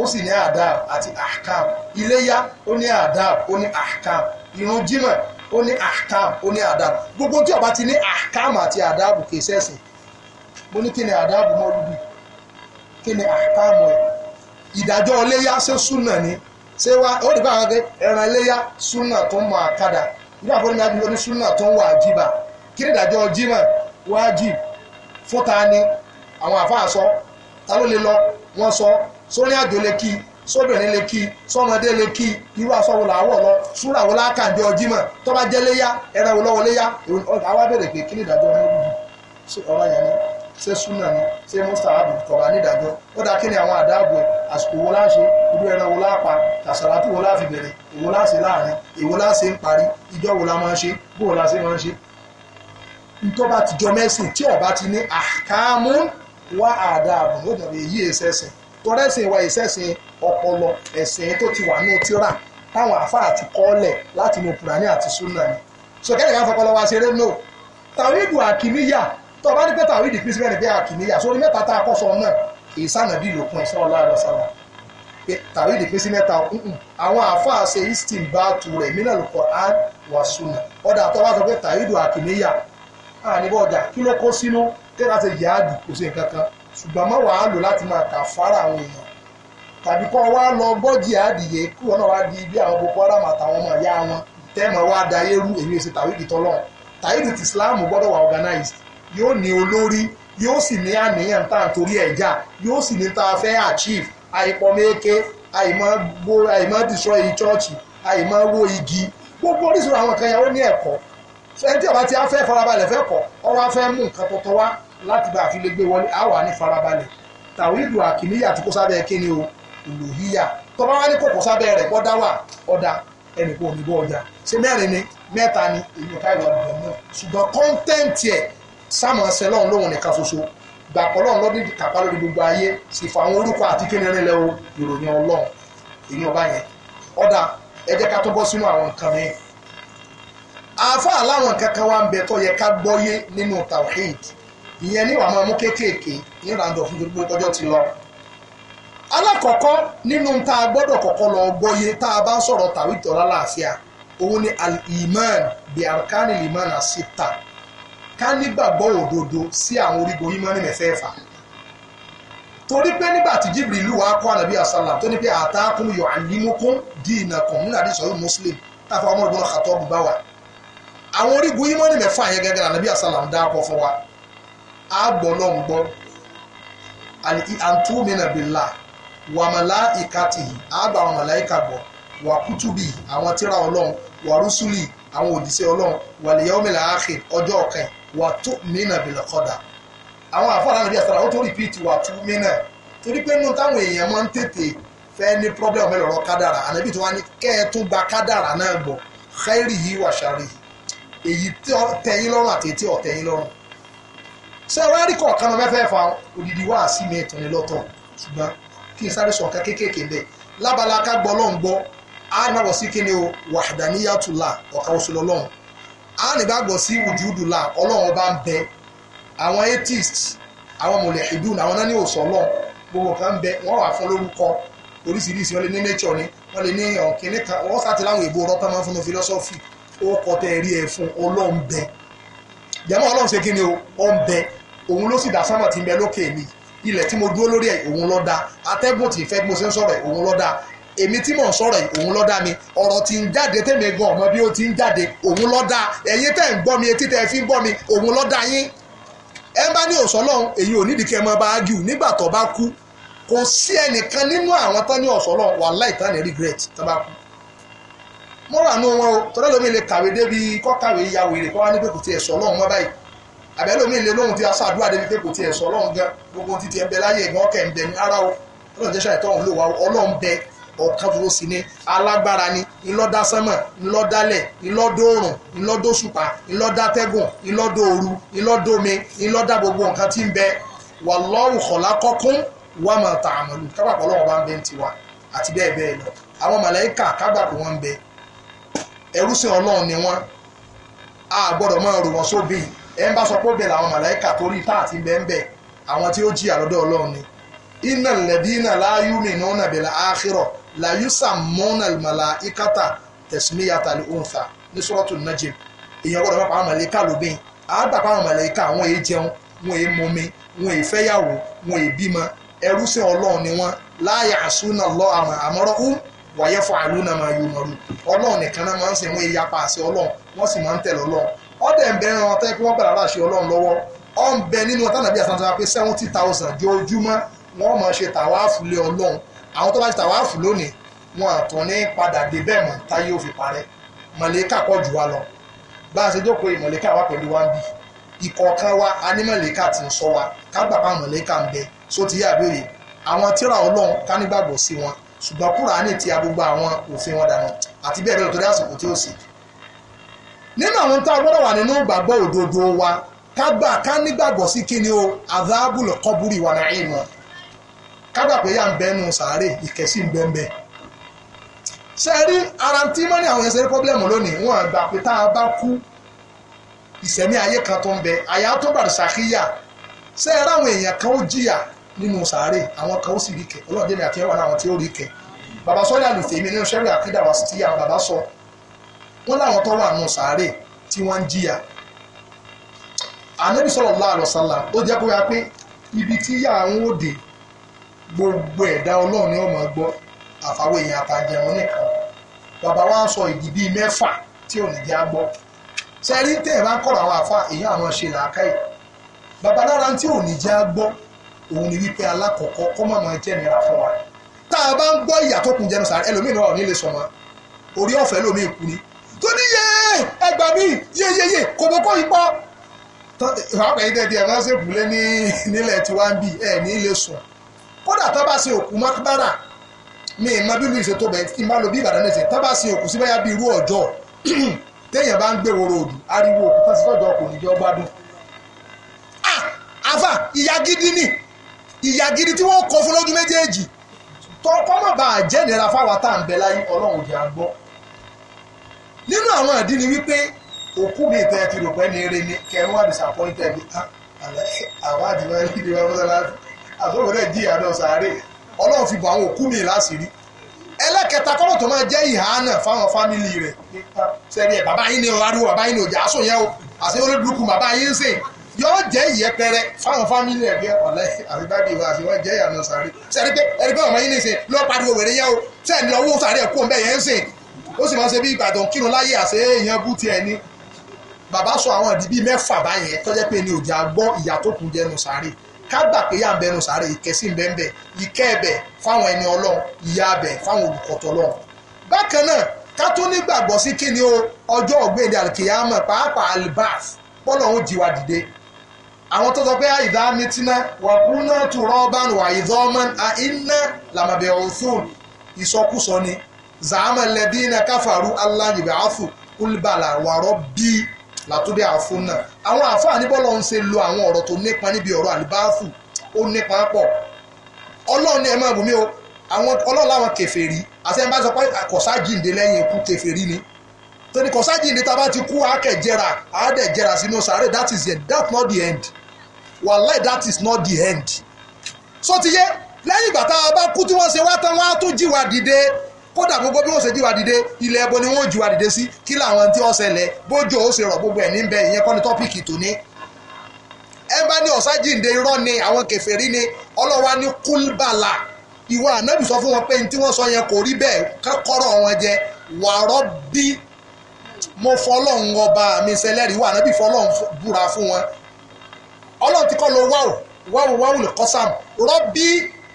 ó sì ní adab àti ahkam iléyá ó ní adab ó ní ahkam ìrun jímọ̀ ó ní ahkam ó ní adab gbogbo tí ó bá ti ní ahkam àti adab kì í ṣẹ̀sìn mo ní kí ni adab mọ́lùdì kí ni ahkam ẹ̀ ìdájọ́ iléyá ṣe súnà ni ṣé wá ó dìbò àwọn akẹ́ ẹran iléyá súnà tó mọ àkàdà nígbà tó ní súnà tó wà jíbà kí ni ìdájọ́ jímọ̀ wájib fúta ni àwọn àfáà sọ ta ló lè lọ wọ́n sọ sórí àjò lè kí sóbìnrin lè kí sọmọdé lè kí irú asọ́wọ́ làwọ̀ lọ súrà wo lákàndé ọjímọ̀ tó bá jẹ́ léyà ẹran wo lọ́wọ́ léyà àwa bèrè pé kí ni ìdájọ́ ní ìlú ṣé ọ̀rọ̀ yẹn ni ṣé súnà ni ṣé mustapha kọ̀ọ̀bá ní ìdájọ́ ó dá kí ni àwọn àdáàbò àsìkò wo láṣe irú ẹran wo lápa tàṣàlátù wo láfi bẹ̀rẹ̀ èwo láṣe láàrin èwo láṣe ń parí ìjọ wo la máa ṣe bó wo la ṣe máa ṣe nítorí bá ti jọ mẹ́sìn tí ọba ti ní àkàmú wá àdáàbò ló dàbí èyí ẹ̀sẹ̀sìn tọ́lẹ́sìn wa ẹ̀sẹ̀sìn ọpọlọ ẹ̀sìn tó ti wà ní tíra táwọn àfáà ti kọ́lẹ̀ láti inú Kùránì àti súnà ni sọ̀kẹ́ nìkan fọpọlọ wa ṣeré náà tàwídù àkìníyà tó o bá ní pé tàwídù kìí síbẹ̀ ní pé àkìníyà sórí mẹ́ta tá a kọ́ sọ náà kì í sànà bí ìlòkun ìṣẹ́ ọlọ́run sábà tàwídì pín sí mẹ́ta àwọn àáfàá ṣe istin bá tu rẹ̀ mílẹ̀ lùkọ́ á ọ̀dà tó bá sọ pé tàwídù àkìníyà àníbọ̀ ọjà kí ló kó sínú kí láti yà á dùn kò sí nǹkan kan ṣùgbọ́n má wàá lò láti máa kà fara àwọn èèyàn tàbí kọ́ wá lọ bọ́ọ̀dì àdìyẹ kí wọn náà wá di bí àwọn Boko Haram àtàwọn ọmọ ìyá wọn tẹ́ẹ̀mọ̀ wá dayé rú èmi èsì tàwídìí tọ́lọ́run tàwídìí ti Islam gbọ́dọ̀ wà organized yóò ní olórí yóò sì ní àníyàn tá à ń torí ẹ̀ jà yóò sì ní tá a fẹ́ achieve àìpọ̀ mẹ́kẹ́ àìmọ́ destroy church àìmọ́ wó igi gbogbo oríṣiríṣi àwọn kan yà ó ní ẹ̀kọ́ ẹni tí ọba ti á fẹ́ farabalẹ̀ fẹ́ kọ́ ọwọ́ á fẹ́ mú nǹkan tọ́tọ́ wá láti bá àfi lè gbé wọlé á wà ní farabalẹ̀ tàwídù àkìníyà tí kò sábẹ́ kíni o olùhíyà tọ́ba wá ní kòkò sábẹ́ rẹ̀ kọ́ dá wà ọ̀dà ẹnì kò ní bọ́ ọjà ṣé mẹ́rin ni mẹ́ta ni èyí ò káyọ̀ ọ̀dọ̀ náà ṣùgbọ́n kọ́ńtẹ́ǹtì ẹ̀ sámọ̀ ọ̀sẹ̀ lọ́hùn lóhùn nìkan ṣoṣo gbàpọ̀ lọ́hùn lọ́dún kàpá lórí gbogbo ayé sì fà àwọn orúkọ àti kínirin lẹ́wọ̀ ìròyìn ọlọ́run èyí ọba yẹn ọ̀dà ẹ jẹ́ ká tó bọ́ sínú àwọn nǹkan mìíràn àáfàá láwọn kankan wá ń bẹ tó yẹ ká gbọ́yé nínú tawhid ìyẹn ní wàá máa mú kéékèèké ní randolph nítorí pé ọjọ́ ti lọ alákọ̀ọ́kọ́ nínú tá a gbọ́dọ̀ kọ́kọ́ lọ gbọ́yé tá a bá ń sọ̀rọ̀ tàwí tọ́lá òun ni al-iman bi arkanil iman asita ká nígbàgbọ́ òdodo sí àwọn orígun imani mẹ́fẹ̀ẹ̀fà torí pé nígbà tí jibril wá kọ́ ànàbí asálà tó ní pé àtàkùn yọ̀ ànímúkún dìínà kùn nínú àdìsọ́yún muslim táfà ọmọ ìgbọ́n kàtọ́ bùbá wà àwọn orígun ìmọ̀ọ́nì mẹ́fà yẹn gẹ́gẹ́ ànábì àsálàm dáàkọ fún wa àgbọ̀ náà ń gbọ́ àtúmínà bìlà wàmàlà ìkàtìhì àgbà àwọn màláìkà gbọ́ wàkútùbì àwọn tírà ọlọ́run wàrúsùlì àwọn òdìsẹ́ ọlọ́run wàlíyàwómìlà àkè ọjọ́ ọ̀kan wàtúmínà bìlà kọ́dà àwọn àfọwọ́n ànábì àsálàm ó tó rìpíìtì wàtúmínà torí pé nínú táwọn èèyàn máa ń tètè fẹ́ ní pọ́blẹ́mù mẹ́lọ̀rọ̀ kádàrà ànábì tó wá ní kẹ́ẹ̀ gba kádàrà náà gbọ́ khairihi wa sharihi èyí tí ó tẹ́yìn lọ́rùn àti tí ó tẹ́yìn lọ́rùn ṣé ọ̀rọ̀ àríkọ̀ kan ló mẹ́fẹ́ fa odidi wá sí mi ìtàn ní lọ́tọ̀ ṣùgbọ́n kí n sáré sọ nǹkan kéékèèké ń bẹ̀ lábala ká gbọ́ ọlọ́run gbọ́ á nàbọ̀ sí kí ni o wàhádàníyàtúlà ọ̀kan oṣù lọ́lọ́run á nígbàgbọ́ sí wùdúdùlà ọlọ́run ọba ń bẹ àwọn atheist àwọn mọ̀lẹ́hìdùn àwọn náà ní òsọ̀ ọlọ́run gbogbo kan ń bẹ wọ́n wà fún lórúkọ oríṣiríṣi wọ́n lè ní nature ni wọ́n lè ní ọ̀kìnní kan wọ́n sá ti láwọn èbó ọ̀rọ̀ máa ń fún un philosophy ó kọ́ tẹ́ ẹ rí ẹ fún ọlọ́run bẹ jẹ́mọ́ ọlọ́run ṣe kí ni o ọ ń bẹ òun ló sì dá sánmọ̀ tí ń bẹ lókè mi ilẹ̀ tí mo dúró lórí ẹ̀ òun ló dá atẹ́gùn tí ìfẹ́ mo ṣe ń sọ̀rọ̀ ẹ̀ òun ló dá èmi tí mò ń sọ̀rọ̀ yìí òun ló dá mi ọ̀rọ̀ tí ń jáde tèmi gan ọmọ bí ó ti ń jáde òun ló dá ẹ̀yin tẹ̀ ń gbọ́ mi etí tẹ̀ fi ń gbọ́ mi òun ló dá yín ẹ bá ní òsọ́lọ́hún èyí ò nídìí kẹ́ ẹ bá a jù nígbà tó bá kú kò sí ẹnìkan nínú àwọn tán ní òsọ́lọ́hún wàhálà ìtàn ní regret tó bá kú mo rà nù wọn o tọ́lá lómi lè kàwé débi kọ́ kàwé ya wèrè kọ́ wá ní pé kò tiẹ̀ sọ lọ́hùn mọ́ báyìí àbẹ́ lómi lè lóhùn tí a ṣàdúrà débi pé kò tiẹ̀ sọ lọ́hùn gan gbogbo títí ẹ̀ ń bẹ láyé gan ọkẹ́ ń bẹ ní ara o ọlọ́run jẹ́ ṣàìtọ́ òun ló wa ọlọ́run bẹ ọ̀kan dúró sí ni alágbára ni ńlọ́dásánmọ̀ ńlọ́dálẹ̀ ńlọ́dọ̀ọ̀rùn ńlọ́dọ̀ṣùpá ńlọ́dátẹ́gùn ńlọ́dọ̀ọ̀rù ńlọ́dọ̀mi ńlọ́dá gbogbo nǹkan tí ń bẹ wallahu khalaqakum wa ma ta'malun kábàpọ̀ ọlọ́run bá ń bẹ ń tiwa àti bẹ́ẹ̀ bẹ́ẹ̀ lọ àwọn màláíkà kábàpọ̀ wọn ń bẹ ẹrúsìn ọlọ́run ni wọ́n a gbọ́dọ̀ máa rò wọ́n sóbì ẹ̀ ń bá sọ pé bẹ́ẹ̀ làwọn màláìkà torí táàtì bẹ́ẹ̀ àwọn tí ó jí àlọ́dọ̀ ọlọ́run ni iná lẹ́dínà láàyú mìíràn nàbẹ̀lẹ̀ àkírọ̀ làyúsà mọ́nà màláìkàtà tẹ̀síníyàtà ní òǹfà ní sọ́rọ́tù nàjẹ́ èèyàn gbọ́dọ̀ máa pa àwọn màláìkà lóbìn àgbàpá àwọn màláìkà wọn èé jẹun wọn èé mọmi wọn èé fẹ́yàwó wọn èé bímọ ẹrúsìn ọlọ́run ni wọn láyà àsúnà lọ àmọ́rọ́ wàyẹ fún àlùnà máa yọ ọmọ rú ọlọ́run nìkan náà máa ń sìn wọ́n èyí apá àṣẹ ọlọ́run wọ́n sì máa ń tẹ̀lé ọlọ́run ọ̀dẹ̀ ń bẹ̀rẹ̀ wọn tẹ́kí wọ́n bẹ̀rẹ̀ aláṣẹ ọlọ́run lọ́wọ́ ọ̀ ń bẹ nínú ọ̀tá nàbí àsàntàn pé seventy thousand jojúmọ́ wọ́n máa ṣe tàwáàfù lé ọlọ́run àwọn tó bá ṣe tàwáàfù lónìí wọn àtún ní padà dé bẹ́ẹ̀ mọ̀ táyé ó fi parẹ́ mọ̀lẹ́kà pọ̀ jù wá lọ bá a ṣe jókòó ìmọ̀lẹ́kà wá pẹ̀lú wá ń bì ìkọ̀ọ̀kan wa anímọ̀lẹ́kà ti ń sọ wa ká gbà pa mọ̀lẹ́kà ń bẹ só ti yá àbẹ̀rẹ̀ àwọn tíra ọlọ́run ká nígbàgbọ́ sí wọn ṣùgbọ́n kúránì ti a gbogbo àwọn òfin wọn dànù àti bẹ́ẹ̀ bẹ́ẹ̀ torí àsìkò tí ó sì. nínú àwọn tá a gbọ́dọ̀ wà nínú ìgbàgbọ́ òdodo wa ká gbà ká nígbàgbọ́ sí kí ni o àdáàbùl kọ́búrì wà náà ìmọ̀ ká gbà pé yà ń bẹ́nu sàárè ìkẹ́sì ń bẹ́ńbẹ́. ṣe rí ara tí mọ́ ní àwọn ẹsẹ̀ pọ́blẹ́mù lónìí wọ́n gbà pé tá a bá kú ìṣẹ̀mí ayé kan tó ń bẹ àyà tó bàrẹ̀ sàkíyà ṣe é ráwọn èèyàn kan ó jìyà nínú sàárè àwọn kan ó sì rí kẹ ọlọ́ọ̀dẹ́ni àti ẹ̀wọ̀n àwọn tí ó rí kẹ bàbá sọ́lá lùfèmí nínú sẹ́rí àkídà wa sí àwọn bàbá sọ wọ́n láwọn tó wà nù sàárè tí wọ́n ń jìyà ànábì sallallahu alaihi wasallam ó jẹ́ kó yá pé ibi tí yà ń wòde gbogbo ẹ̀dá ọlọ́run ni wọ́n máa gbọ́ àfàwọ̀ èèyàn àtàjẹun nìkan bàbá wa sọ ìdí bíi mẹ́fà tí ò ní já gbọ́ sẹ́rí tẹ̀ bá kọ̀rọ̀ àwọn àfa èèyàn àwọn ṣe làákàyè bàbá lára tí ò ní já gbọ́ òun ni wípé alákọ̀ọ́kọ́ kọ́mọ̀ máa jẹ́ nira fún wa tá a bá ń gbọ́ ìyà tó kún jẹnu sàárẹ̀ ẹlòmíì náà ò ní lè sọmọ orí ọ̀fẹ́ lòmíì kú ni tó ní yé ẹgbà mi yé yé yé kòmókò ipọ́ ìfapẹ́ yìí tẹ̀tẹ̀ ẹ̀ máa ń ṣèkúlé ní nílẹ̀ tí wàá ń bì ẹ̀ ní lè sùn kódà tó bá ṣe òkú mákàbára mi ìmọ̀ bí luis tó bẹ̀ẹ́ tí n bá lo bí ìbàdàn nẹ̀sẹ̀ tó bá ṣe òkú sí báyà bí irú ọjọ́ téèyàn bá ń gbé woro òdù ariwo òkú tó ti tọ́jú ọkọ̀ òní jẹ́ ọgbádùn. Ah, àfà ìyá gidi ni ìyà gidi tí wọ́n kọ fún lójú méjèèjì tọ́kọ́ má bàa jẹ́ nira fáwa tá à ń bẹ láyé ọlọ́run òjì àgbọ́ nínú àwọn àdín ni wípé òkú mi ìtẹ́ ti rò pé ní eré ni kẹrin wà disappointed ah, àwọn àdìmọ́ ní ìdíwọ́ mọ́sálásí àtúrò rẹ̀ jí àdán sàárè ọlọ́run fi bọ̀ àwọn òkú mi láṣìírí ẹlẹ́kẹta kọ́rọ̀ tó máa jẹ́ ìhànà fáwọn fámìlì rẹ̀ sẹ́ni ẹ̀ bàbá yín ni ọ̀rọ̀ ariwo bàbá yín yóò jẹ́ ìyẹpẹrẹ fáwọn fámìlì ẹ̀gbẹ́ ọ̀lẹ́ àbíbábí ìwà àfihàn jẹ́ ìyànà sàárè sẹ́ni pé ẹni pé ọmọ yín ní sìn lọ pariwo wèrè yẹn o sẹ́ni ọwọ́ sàárè ẹ̀kú ọ̀nbẹ yẹn ń sìn ó sì máa ń ṣe bí ìbàdàn kírun láyé àṣẹ èèyàn bú tiẹ̀ ni bàbá sọ àwọn ìdí bíi mẹ́fà báyẹn tọ́jẹ́ pé ni òjà gbọ́ ìyà tó kù jẹnu sàárè ká gbà pé yà ń bẹnu sàárè ìkẹ́ sí ń bẹ́ ń bẹ́ ìkẹ́ ẹ̀bẹ̀ fáwọn ẹni ọlọ́run ìyà abẹ fáwọn olùkọ́tọ̀ ọlọ́run bákan náà ká tó nígbàgbọ́ sí kíni o ọjọ́ ọ̀gbẹ́ni àlùkìyàmọ̀ pàápàá alibaf bọ́lọ̀ ń jíwa dìde àwọn tó sọ pé àìdá mi tiná wàkúnná tùrọ́bán wà ìdọ́mọ́n à iná làmàbẹ̀ ọ̀ṣun ìsọkúsọ ni zàámà lẹ́bí iná káfàrú aláyìnbẹ̀ àfù kúlbàlà wàrọ̀ bí làtúndé àfún náà àwọn àfáàní bọ́lọ̀ ń ṣe lo àwọn ọ̀rọ̀ tó nípa níbi ọ̀rọ̀ àlùbáfù ó nípa pọ̀ ọlọ́run ni ẹ máa bùnmí o àwọn ọlọ́run láwọn kèfèrí àti ẹ bá sọ pé kọ̀sájìǹde lẹ́yìn ikú kèfèrí ni torí kọ̀sájìǹde tá a bá ti kú àkẹ́jẹra àádẹ́jẹra sínú sàárè that is it that's not the end wàláì that is not the end so ti yé lẹ́yìn ìgbà tá a bá kú tí wọ́n ṣe wá tán wọ́n á tún jí wa dìde kódà gbogbo bí wọ́n ṣe jí wa dìde ilẹ̀ ẹbọ ni wọ́n jí wa dìde sí kí làwọn tí wọ́n ṣẹlẹ̀ bójú ó ṣe rọ̀ gbogbo ẹ̀ níbẹ̀ ìyẹn kọ́ ni tọ́pìkì tòní ẹ bá ní ọ̀sá jíǹde irọ́ ni àwọn kèfèrí ni ọlọ́wà ní kúlbàlà ìwọ ànábì sọ fún wọn pé tí wọ́n sọ yẹn kò rí bẹ́ẹ̀ kọ́rọ̀ wọn jẹ wàárọ̀ bí mo fọlọ́run ọba mi ṣẹlẹ́rìí wà ànábì fọlọ́run búra fún wọn ọlọ́run ti kọ́ lo wárùn wárùn wárùn lè kọ́ sáàmù rọ́bí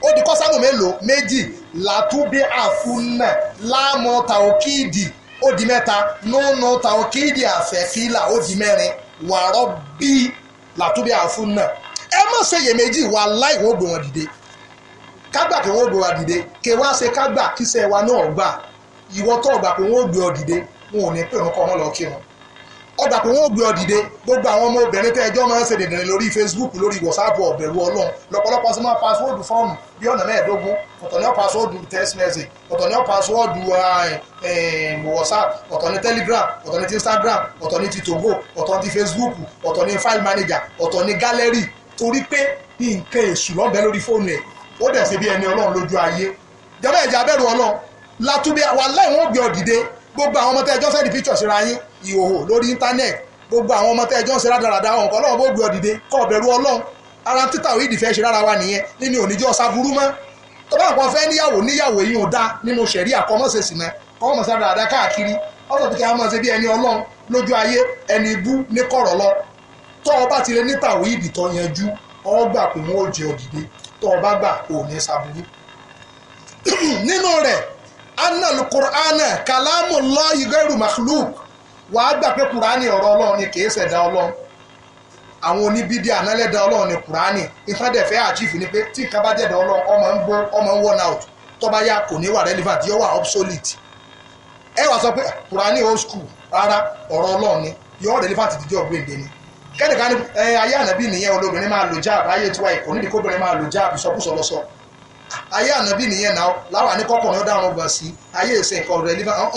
ó di kọ́ sáàmù mélòó méjì làtúbí àfúnà láàmú tàókìdì ó di mẹ́ta nùnú tàókìdì àfẹ́fílà ó di mẹ́rin wà rọ́bí làtúbí àfúnà ẹ má ṣe iyèméjì wà láì wọ́n gbé wọn dìde kágbà kí wọ́n gbé wọn dìde kí wọ́n á ṣe kágbà kí sẹ́ wa náà gbà ìwọ tó gbà pé wọ́n gbé ọ dìde wọn ò ní pè wọn kọ́ wọn lọ kírun ọgbà pé wọ́n ò gbé ọ dìde gbogbo àwọn ọmọ obìnrin tẹ́ ẹjọ́ máa ń ṣe dèdèrè lórí Facebook lórí WhatsApp ọ̀bẹ̀rù ọlọ́run lọ́pọ̀lọpọ̀ sí máa pàṣíwọ́ọ̀dù fọ́ọ̀mù bí ọ̀nà mẹ́ẹ̀ẹ́dógún ọ̀tọ̀ ní pàṣíwọ́ọ̀dù text message ọ̀tọ̀ ní pàṣíwọ́ọ̀dù eh, eh, WhatsApp ọ̀tọ̀ ní Telegram ọ̀tọ̀ ní Instagram ọ̀tọ̀ ní ti Togo ọ̀tọ̀ ní Facebook ọ̀tọ̀ ní file manager ọ̀tọ̀ ní gallery torí pé nǹkan èṣù lọ́bẹ̀ lórí fóònù ẹ̀ ó dẹ̀ ṣe bí ẹni ọlọ́run lójú ayé jọba ẹ̀jẹ̀ abẹ́rù ọlọ́run látúbí wàhálà ìwọ̀n gbé ọ dìde gbogbo àwọn ọmọ tẹ́jọ́ sẹ́ẹ̀dì píṣọ̀ síra yín ìhòhò lórí íńtánẹ́ẹ̀tì gbogbo àwọn ọmọ tẹ́jọ́ síra dáradára ọ̀nkọ́ ọlọ́run bó gbé ọ dìde kọ́ ọ̀bẹ̀rù ọlọ́run ara títà òyìnbí fẹ́ ṣe rárá wa nìyẹn nínú òníjọ́ sábúrú mọ́ tó bá nǹkan fẹ́ níyàwó níyàwó yìí ò dá nínú ṣẹ̀rí àkọ́mọ́sẹ̀sì náà kọ́mọ́sẹ̀ dáadáa káàkiri ọ̀sọ̀ tí kí a máa ṣe bí ẹni ọlọ́run lójú ayé ẹni ibú ní kọ̀rọ̀ lọ tó o bá ti lè níta òyìnbí tó yanjú ọ gbà pé wọn ò jẹ òdìdé tó o bá gbà òní sábúrú nínú rẹ̀ anal qur'ana kàlámù Allahi ghairu makhluk wàá gbà pé kùránì ọ̀rọ̀ ọlọ́run ni kì í ṣẹ̀dá ọlọ́run àwọn oníbídìí ànálẹ́dá ọlọ́run ni kùránì ni pé tí nǹkan bá ọmọ ń bó ọmọ worn out tó bá yá kò relevant obsolete ẹ old school ni relevant ni kẹ́nìkan ayé ànábì nìyẹn olóbìnrin máa jáàbù ayé tiwa nídìí ayé ànábì nìyẹn náà láwa ní kọkùnrin ọ̀daràn ọgbà sí ayé ìṣe nǹkan relevant hàn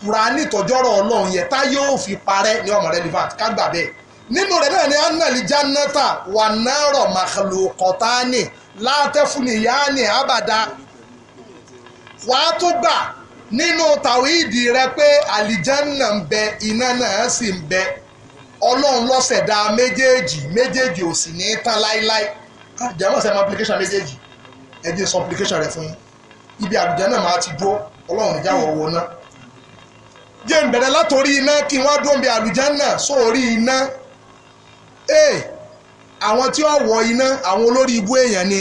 kùránì tọjọ́rọ̀ ọlọ́run yẹn tá yóò fi parẹ́ ní ọmọ relevant kágbà bẹ́ẹ̀ nínú rẹ̀ náà ni anali janata wà náírọ̀ màlúkọ̀tánì látẹ́fúnìyáni abàdá wàá tó gbà nínú tàwíìdì rẹ pé àlìjánà ń bẹ iná náà sì ń bẹ ọlọ́run ló ṣẹ̀dá méjèèjì méjèèjì ò sì ní tán láíláí àjẹmọ́sẹ̀ mọ application méjèèjì ẹ jẹ́ supplication rẹ̀ fún yín ibi àlùjá náà máa ti dúró ọlọ́run ìjà wọ̀ wọ̀ náà jẹ́ ń bẹ̀rẹ̀ látòrí iná kí wọ́n dúró bí àlùjá náà sórí iná ee àwọn tí wọ́n wọ iná àwọn olórí ibú èèyàn ni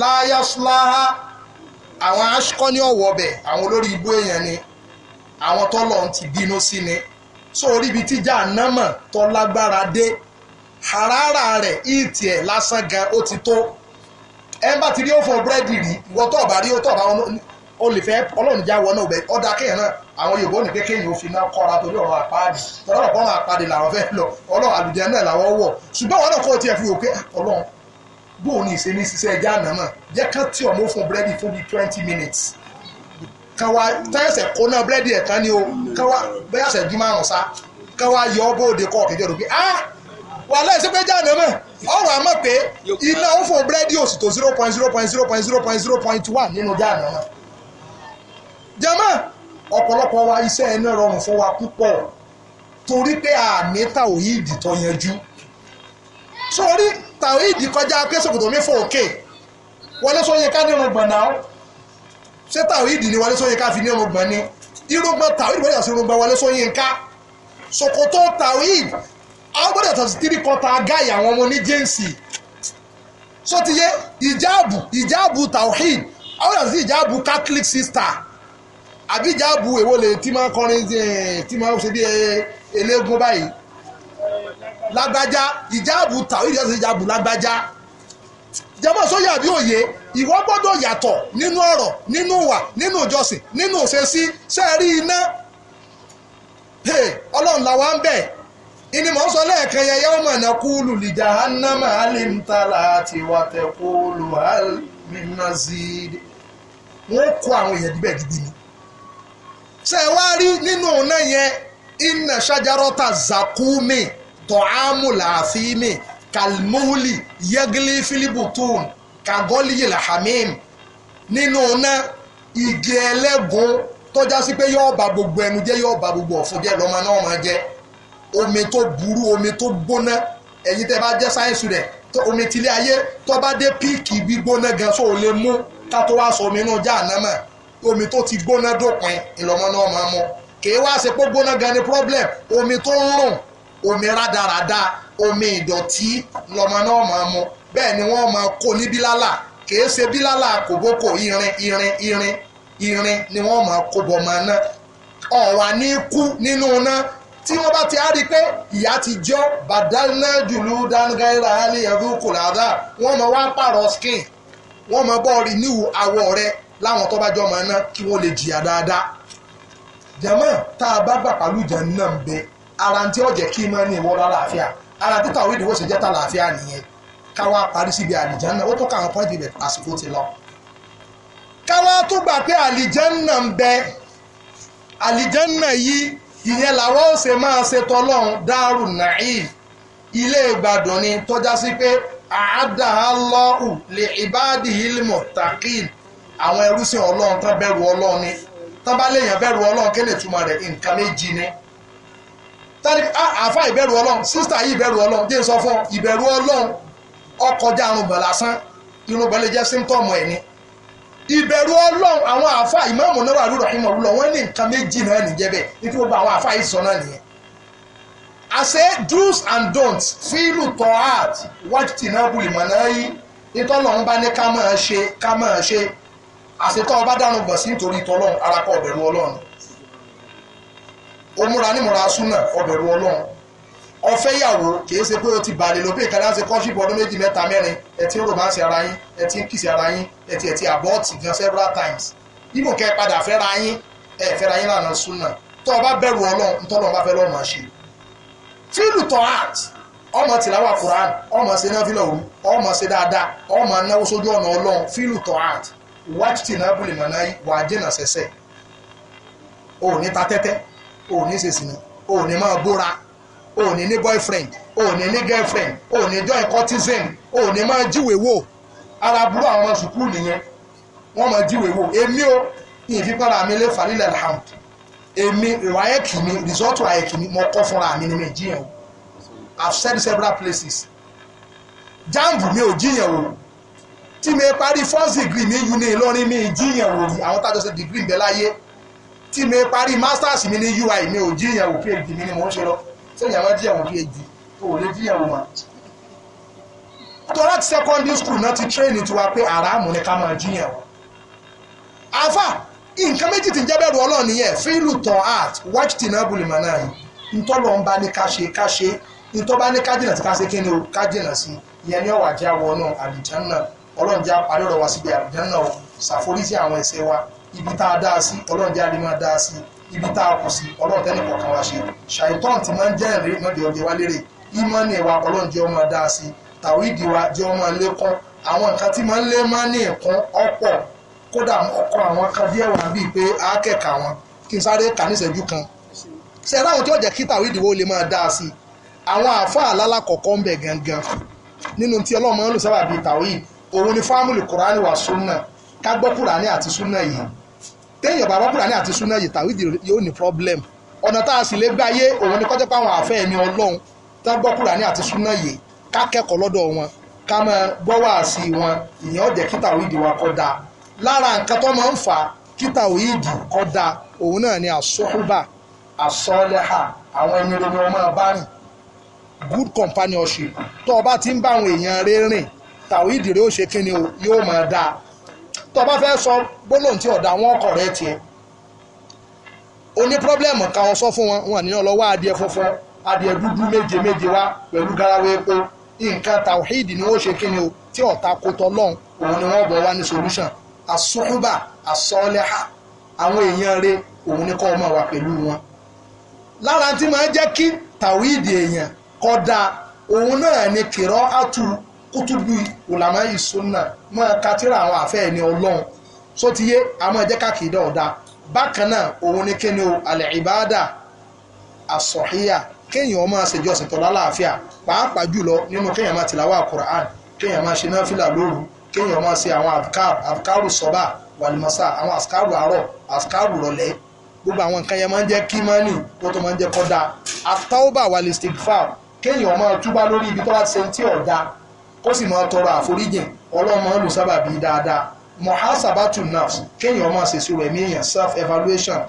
láyà fúláhà àwọn aṣọ ní ọ̀wọ́ bẹ̀ àwọn olórí ibú èèyàn ni àwọn tọ́lọ̀ ń ti bínú sí ni sórí ibi tíjà námọ̀ tọ́lágbára dé harara rẹ̀ ìtì ẹ̀ lásán gan ó ti tó ẹ bá ti rí òfò búrẹ́dì rí ìwọ tó ọ̀bà rí ó tó ọ̀bà wọn o lè fẹ́ ọlọ́run já wọnà ọbẹ̀ ọ̀dà kéèyàn náà àwọn yorùbá ò ní pé kéèyàn ò fi náà kọ́ra torí ọ̀rọ̀ àpáàdì ọlọ́run kọ́ ọ̀rọ̀ àpáàdì làwọn fẹ́ lọ ọlọ́run àlùjẹ náà làwọn wọ̀ ṣùgbọ́n wọn náà kọ́ tiẹ̀ fi wò pé ah, ọlọ́run bóun ní ìsinmi ṣiṣẹ́ ẹja àná náà jẹ́ ká tí ọmọ fún búrẹ́dì fún bíi twenty minutes kan wá táyẹ̀sẹ̀ kó náà búrẹ́dì ẹ̀ kan ní o kan wá bẹ́yàsẹ̀ bí márùn-ún sá kan wá yọ ọ́ bóde kọ́ ọ̀kẹ́jọ́ ọ̀rọ̀ àmọ́ pé iná ó fò búrẹ́dì òsì tó zero point zero point zero point zero point zero point one nínú jáàmù náà jama ọ̀pọ̀lọpọ̀ wa iṣẹ́ ẹni rọrùn fún wa púpọ̀ torí pé àní tàwíìdì tó yanjú sórí tàwíìdì kọjá pé sòkòtò mi fò òkè Wọlé Ṣóyínká nínú gbọ̀n náà ṣé tàwíìdì ni Wọlé Ṣóyínká fi nínú gbọ̀n ni irúgbọ́n tàwíìdì wọ́n yà sí irúgbọ́n Wọlé Ṣóyínká sòkòtò tàwíìdì àwọn gbọ́dọ̀ tàbí tírí kọta gáì àwọn ọmọ ní jẹ́ǹsì sọtiyé ìjáàbù ìjáàbù tawhid àwọn sí ìjáàbù catholic sister àbí ìjáàbù èwo lè tí máa kọrin tí máa ṣe bí eléegun báyìí lágbájá ìjáàbù tawhid yàtọ̀ sí ìjáàbù lágbájá jẹmọ sóyè àbí òye ìwọ gbọ́dọ̀ yàtọ̀ nínú ọ̀rọ̀ nínú ìwà nínú ìjọsìn nínú òṣèṣí sẹẹrí iná ọlọ́run làwa ń ìní mọ̀ ń sọ lẹ́ẹ̀kan yẹn yẹ́wọ́n mọ̀ náà kúlù lìjà ánámà alíntàlá àti wàtẹ̀ kúlù alímínàzídì wọ́n kó àwọn èèyàn díbẹ̀ gidi ni. ṣé ẹ wá rí nínú ọ̀nà yẹn iná ṣájárọ́tà zakumi tọ́hámù làáfíìmì kalmuhuli yẹgili filibutun kagọ́lìyì làhámìm nínú ọ̀nà igi ẹlẹ́gùn tọ́já sí pé yọ́ọ̀bà gbogbo ẹnu jẹ́ yọ́ọ̀bà gbogbo ọ̀fun jẹ́ lọ́mọ náà máa jẹ́ omi tó burú omi tó gbóná ẹ̀yin tẹ́ bá jẹ́ sáyẹ́nsì rẹ̀ omi tilé ayé tó bá dé píìkì gbígbóná gan so ò lè mú ká tó wá sọ omi inú jáànámà omi tó ti gbóná dópin ìlọmọ náà máa mú kìí wá ṣe pé gbóná gan ni problem omi tó ń rùn omi rádaràda omi ìdọ̀tí lọmọ náà máa mú bẹ́ẹ̀ ni wọ́n máa kó ní bílálà kìí ṣe bílálà kòbókò irin irin irin irin ni wọ́n máa kó bọ̀ máa ná ọ̀wà ní kú nínú náà tí wọ́n bá ti á rí i pé ìyá ti jọ́ bàdánná jùlú dáńgáírà ní ẹ̀rú kòlàdà wọ́n mọ̀ wá pààrọ̀ skin wọ́n mọ̀ bọ́ renew àwọ̀ rẹ láwọn tó bá jọ mọ̀ ná kí wọ́n lè jìyà dáadáa. jàmọ́ tá a bá gbà pàlú ìjà náà ń bẹ ara tí ó jẹ́ kí máa ní ìwọ lálàáfíà ara títà orí ìdíwọ́ ṣe jẹ́ tá làáfíà nìyẹn káwa parí síbi àlìjánná ó tó káwọn pọ́ìntì ibẹ̀ àsìkò ti lọ. káwa tó gbà pé àlìjánná ń bẹ àlìjánná yìí ìyẹn làwọn ò ṣe máa ṣe tọlọ́run dáàrú nàìf ilé ìgbàdùn ni tọ́já sí pé àádá lọ́ọ̀hù lè ìbáàdì ilmọ̀ takin àwọn ẹrúsìn ọlọ́run tán bẹ̀rù ọlọ́run ni tán bá léèyàn bẹ̀rù ọlọ́run kí lè túmọ̀ rẹ̀ nǹkan méjì ni tani ah, àfa ìbẹ̀rù ọlọ́run sísítà yìí ìbẹ̀rù ọlọ́run jẹ́ sọ fún ìbẹ̀rù ọlọ́run ọkọjá arúgbó lásán irúgbó lè jẹ́ símptọ́ọ̀mù ẹ̀ ni ìbẹ̀rù ọlọ́run àwọn àáfà ìmáàmù Nawawi rahimahullah wọ́n ní nǹkan méjì náà nìjẹ́ bẹ́ẹ̀ nítorí gbogbo àwọn àáfà yìí sọ náà nìyẹn àṣẹ do's and don'ts Feel tọ́hát heart. Watch bulì mọ̀ náà yí ìtọ́lọ́run bá ní ká máa ṣe ká máa ṣe àṣetọ́ ọba dànù gbọ̀n sí nítorí ìtọ́lọ́run arakọ̀ ọ̀bẹ̀rù ọlọ́run òmùra nímùra súnà ọ̀bẹ̀rù ọlọ́run ọfẹ́ yàwó kìí ṣe pé o ti bàlè lópin kan láti kọ́ṣípù ọdún méjì mẹ́ta mẹ́rin ẹ ń romance ara yín ẹ ń kìsì ara yín ẹ ti abọ́ọ̀tì gan several times ibò kẹ́ ẹ padà fẹ́ra yín ẹ fẹ́ra yín lànà súnà tó o bá bẹ̀rù ọlọ́run ntọ́nà ọba fẹ́ lọ́mọ ṣe. fílù tọ́ art ọmọ tìláwà Quran ọmọ ṣe náà fílọ̀ òru ọmọ ṣe dáadáa ọmọ náwó sójú ọ̀nà ọlọ́run fílù tọ́ art wájútì náà bùlì mọ̀ náà wà á jìnà sẹ́sẹ́ òní ta tẹ́tẹ́ òní ṣèṣìnà òní máa o ò ní ní boyfriend o ò ní ní girlfriend o ò ní join courtesan o ò ní máa jíwèé wò ara burú àwọn sùkúù nìyẹn wọ́n máa jíwèé wò èmi o ìfipára mi lè fà nílẹ̀ alhamd èmi ìwà ayẹ́kì mi rìsọ́ọ̀tù ayẹ́kì mi mo kọ́ fúnra mi ní nàìjíríà o I've said several places jambu mi ò jíyàn o tí mi parí first degree mi uni Ìlọrin mi jíyàn o rí àwọn tájọ ṣe degree ń bẹ láyé tí mi parí masters mi ní ui mi ò jíyàn o phd mi ni mò ń ṣe lọ sẹ́yìn àwọn díyàwó bí ejì o ò lè díyàwó wa. tọ́lá ti secondary school náà ti tírẹ́ẹ̀nì tiwa pé àràmù ni ká máa jíyàn wọn. àáfà nǹkan méjì tí jẹ́ bẹ̀rù ọlọ́run nìyẹn fílù tán art watch tí náà bulè mọ́nà yìí ntọ́lọ́ ń bá ní ká ṣe ká ṣe ntọ́ bá ní ká jìnà sí ká ṣe kí ni o ká jìnà sí ìyẹn ní ọ̀wà jẹ́ àwọn ọ̀nà àlìjánná ọlọ́run jẹ́ àparí ọ̀rọ̀ wa síbi àlìjánná o ṣàforíjì àwọn ẹ̀ṣẹ̀ wa ibi tá a dá sí ọlọ́run jẹ́ àlè máa dá sí ibi tá a kù sí ọlọ́run tẹ́lẹ̀ kọ̀ọ̀kan wá ṣe ṣàìtọ́n tí máa ń jẹ́ ìrírí náà di ọjọ́ wa lérè ìmọ̀ọ́nì wa ọlọ́run jẹ́ ọmọ dáa sí tàwídìí wa jẹ́ ọmọ lékún àwọn nǹkan tí máa ń lé máa ní ẹ̀kún ọ̀pọ̀ kódà ọkọ̀ àwọn kan díẹ̀ wà bíi pé akẹ́kà wọn kí n sáré kà níṣẹ́jú kan ṣe láwọn tí ó jẹ́ kí tàwídìí wo lè máa dáa sí àwọn àáfàá lálàkọ̀ọ́kọ́ ń bẹ̀ gangan nínú tí ọlọ́run máa ń lò sábà bíi òun ni fámùlì kùránì wà súnà ká gbọ́ kùránì àti súnà yìí téèyàn bàbá kúránì àti súná yìí tàwídì yóò ní problem ọ̀nà tá a sì lè gbá yé òun ni kọ́jọ́ páwọn àfẹ́ ẹni ọlọ́run tá gbọ́ kúránì àti súná yìí ká kẹ́kọ̀ọ́ lọ́dọ̀ wọn ká máa gbọ́ wáàsí wọn ìyẹn ó jẹ́ kí tàwídì wa kọ́ da lára nǹkan tó máa ń fà á kí tàwídì kọ́ da òun náà ni àsọ́húbà àsọ́lẹ́hà àwọn ẹni rere ọmọ bá rìn good companionship tó o bá ti ń bá àwọn èèyàn rere rìn tàwídì rẹ ó ṣe kíni o yóò máa dáa tó bá fẹ́ sọ gbólóhùn tí ọ̀dà wọn kọ̀ rẹ tiẹ̀ o ní pírọ́blẹ́mù kan sọ fún wọn wọn nìyẹn lọ wá adìẹ funfun adìẹ dúdú méje méje wá pẹ̀lú garawa epo nǹkan tàwíìdì ni wọ́n ṣe kí ni o tí ọ̀tá kó tọ́ lọ́hùn òun ni wọ́n bọ̀ wá ní solution àsọ́kúbà àsọ́ọ́lẹ́hà àwọn èèyàn rẹ òun ni kọ́ ọmọ wa pẹ̀lú wọn lára tí máa jẹ́ kí tàwíìdì èèyàn kọ́ dáa òun náà ni kìrọ́ àtúrò kútùbù ulama ìsúná máa ka tírà àwọn àfẹ́ ẹni ọlọ́run só ti yé àmọ́ ẹ̀jẹ̀ kákìdá bákan náà òun ni kíni o àlẹ́ ìbáàdà àsọ̀híyà kéèyàn máa ṣèjọsìn tọ́lá láàfíà pàápàá jùlọ nínú kéèyàn máa tìlàwà Qur'an kéèyàn máa ṣe náfìlà lóru kéèyàn máa ṣe àwọn afkar afkaru sọba wàlùmọ́sá àwọn afkaru àárọ̀ afkaru rọ̀lẹ́ gbogbo àwọn nǹkan yẹn máa ń jẹ́ kí mọ́nì tó tó máa ń jẹ́ kọ́ da àtàwọ́bà wàlìstigfar kéèyàn máa túbá lórí ibi tó bá ti ṣe ń tí ọ̀dà kó sì máa tọrọ àforíjìn ọlọ́run máa ń lò sábàbí dáadáa muhasabatu nafs kéèyàn máa ṣèṣirò ẹ̀mí èèyàn self evaluation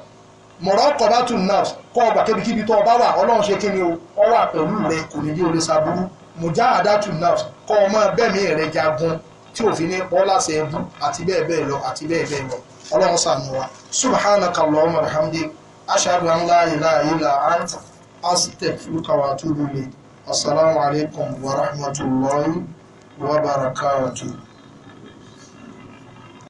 muraqabatu nafs kọ́ ọgbà kébikíbi tó ọba wà ọlọ́run ṣe kíni o ọ wà pẹ̀lú rẹ kò ní bí o lè mujahadatu nafs kọ́ ọmọ bẹ́ẹ̀mí rẹ jagun tí òfin ní pọ́láṣẹ ẹbú àti bẹ́ẹ̀ bẹ́ẹ̀ lọ àti bẹ́ẹ̀ bẹ́ẹ̀ lọ ọlọ́run ṣàánú wa subhanaka allahumma wa bihamdik ashhadu an la ilaha illa ant astaghfiruka wa atubu ilayk assalamu wa rahmatullahi. What about a car too?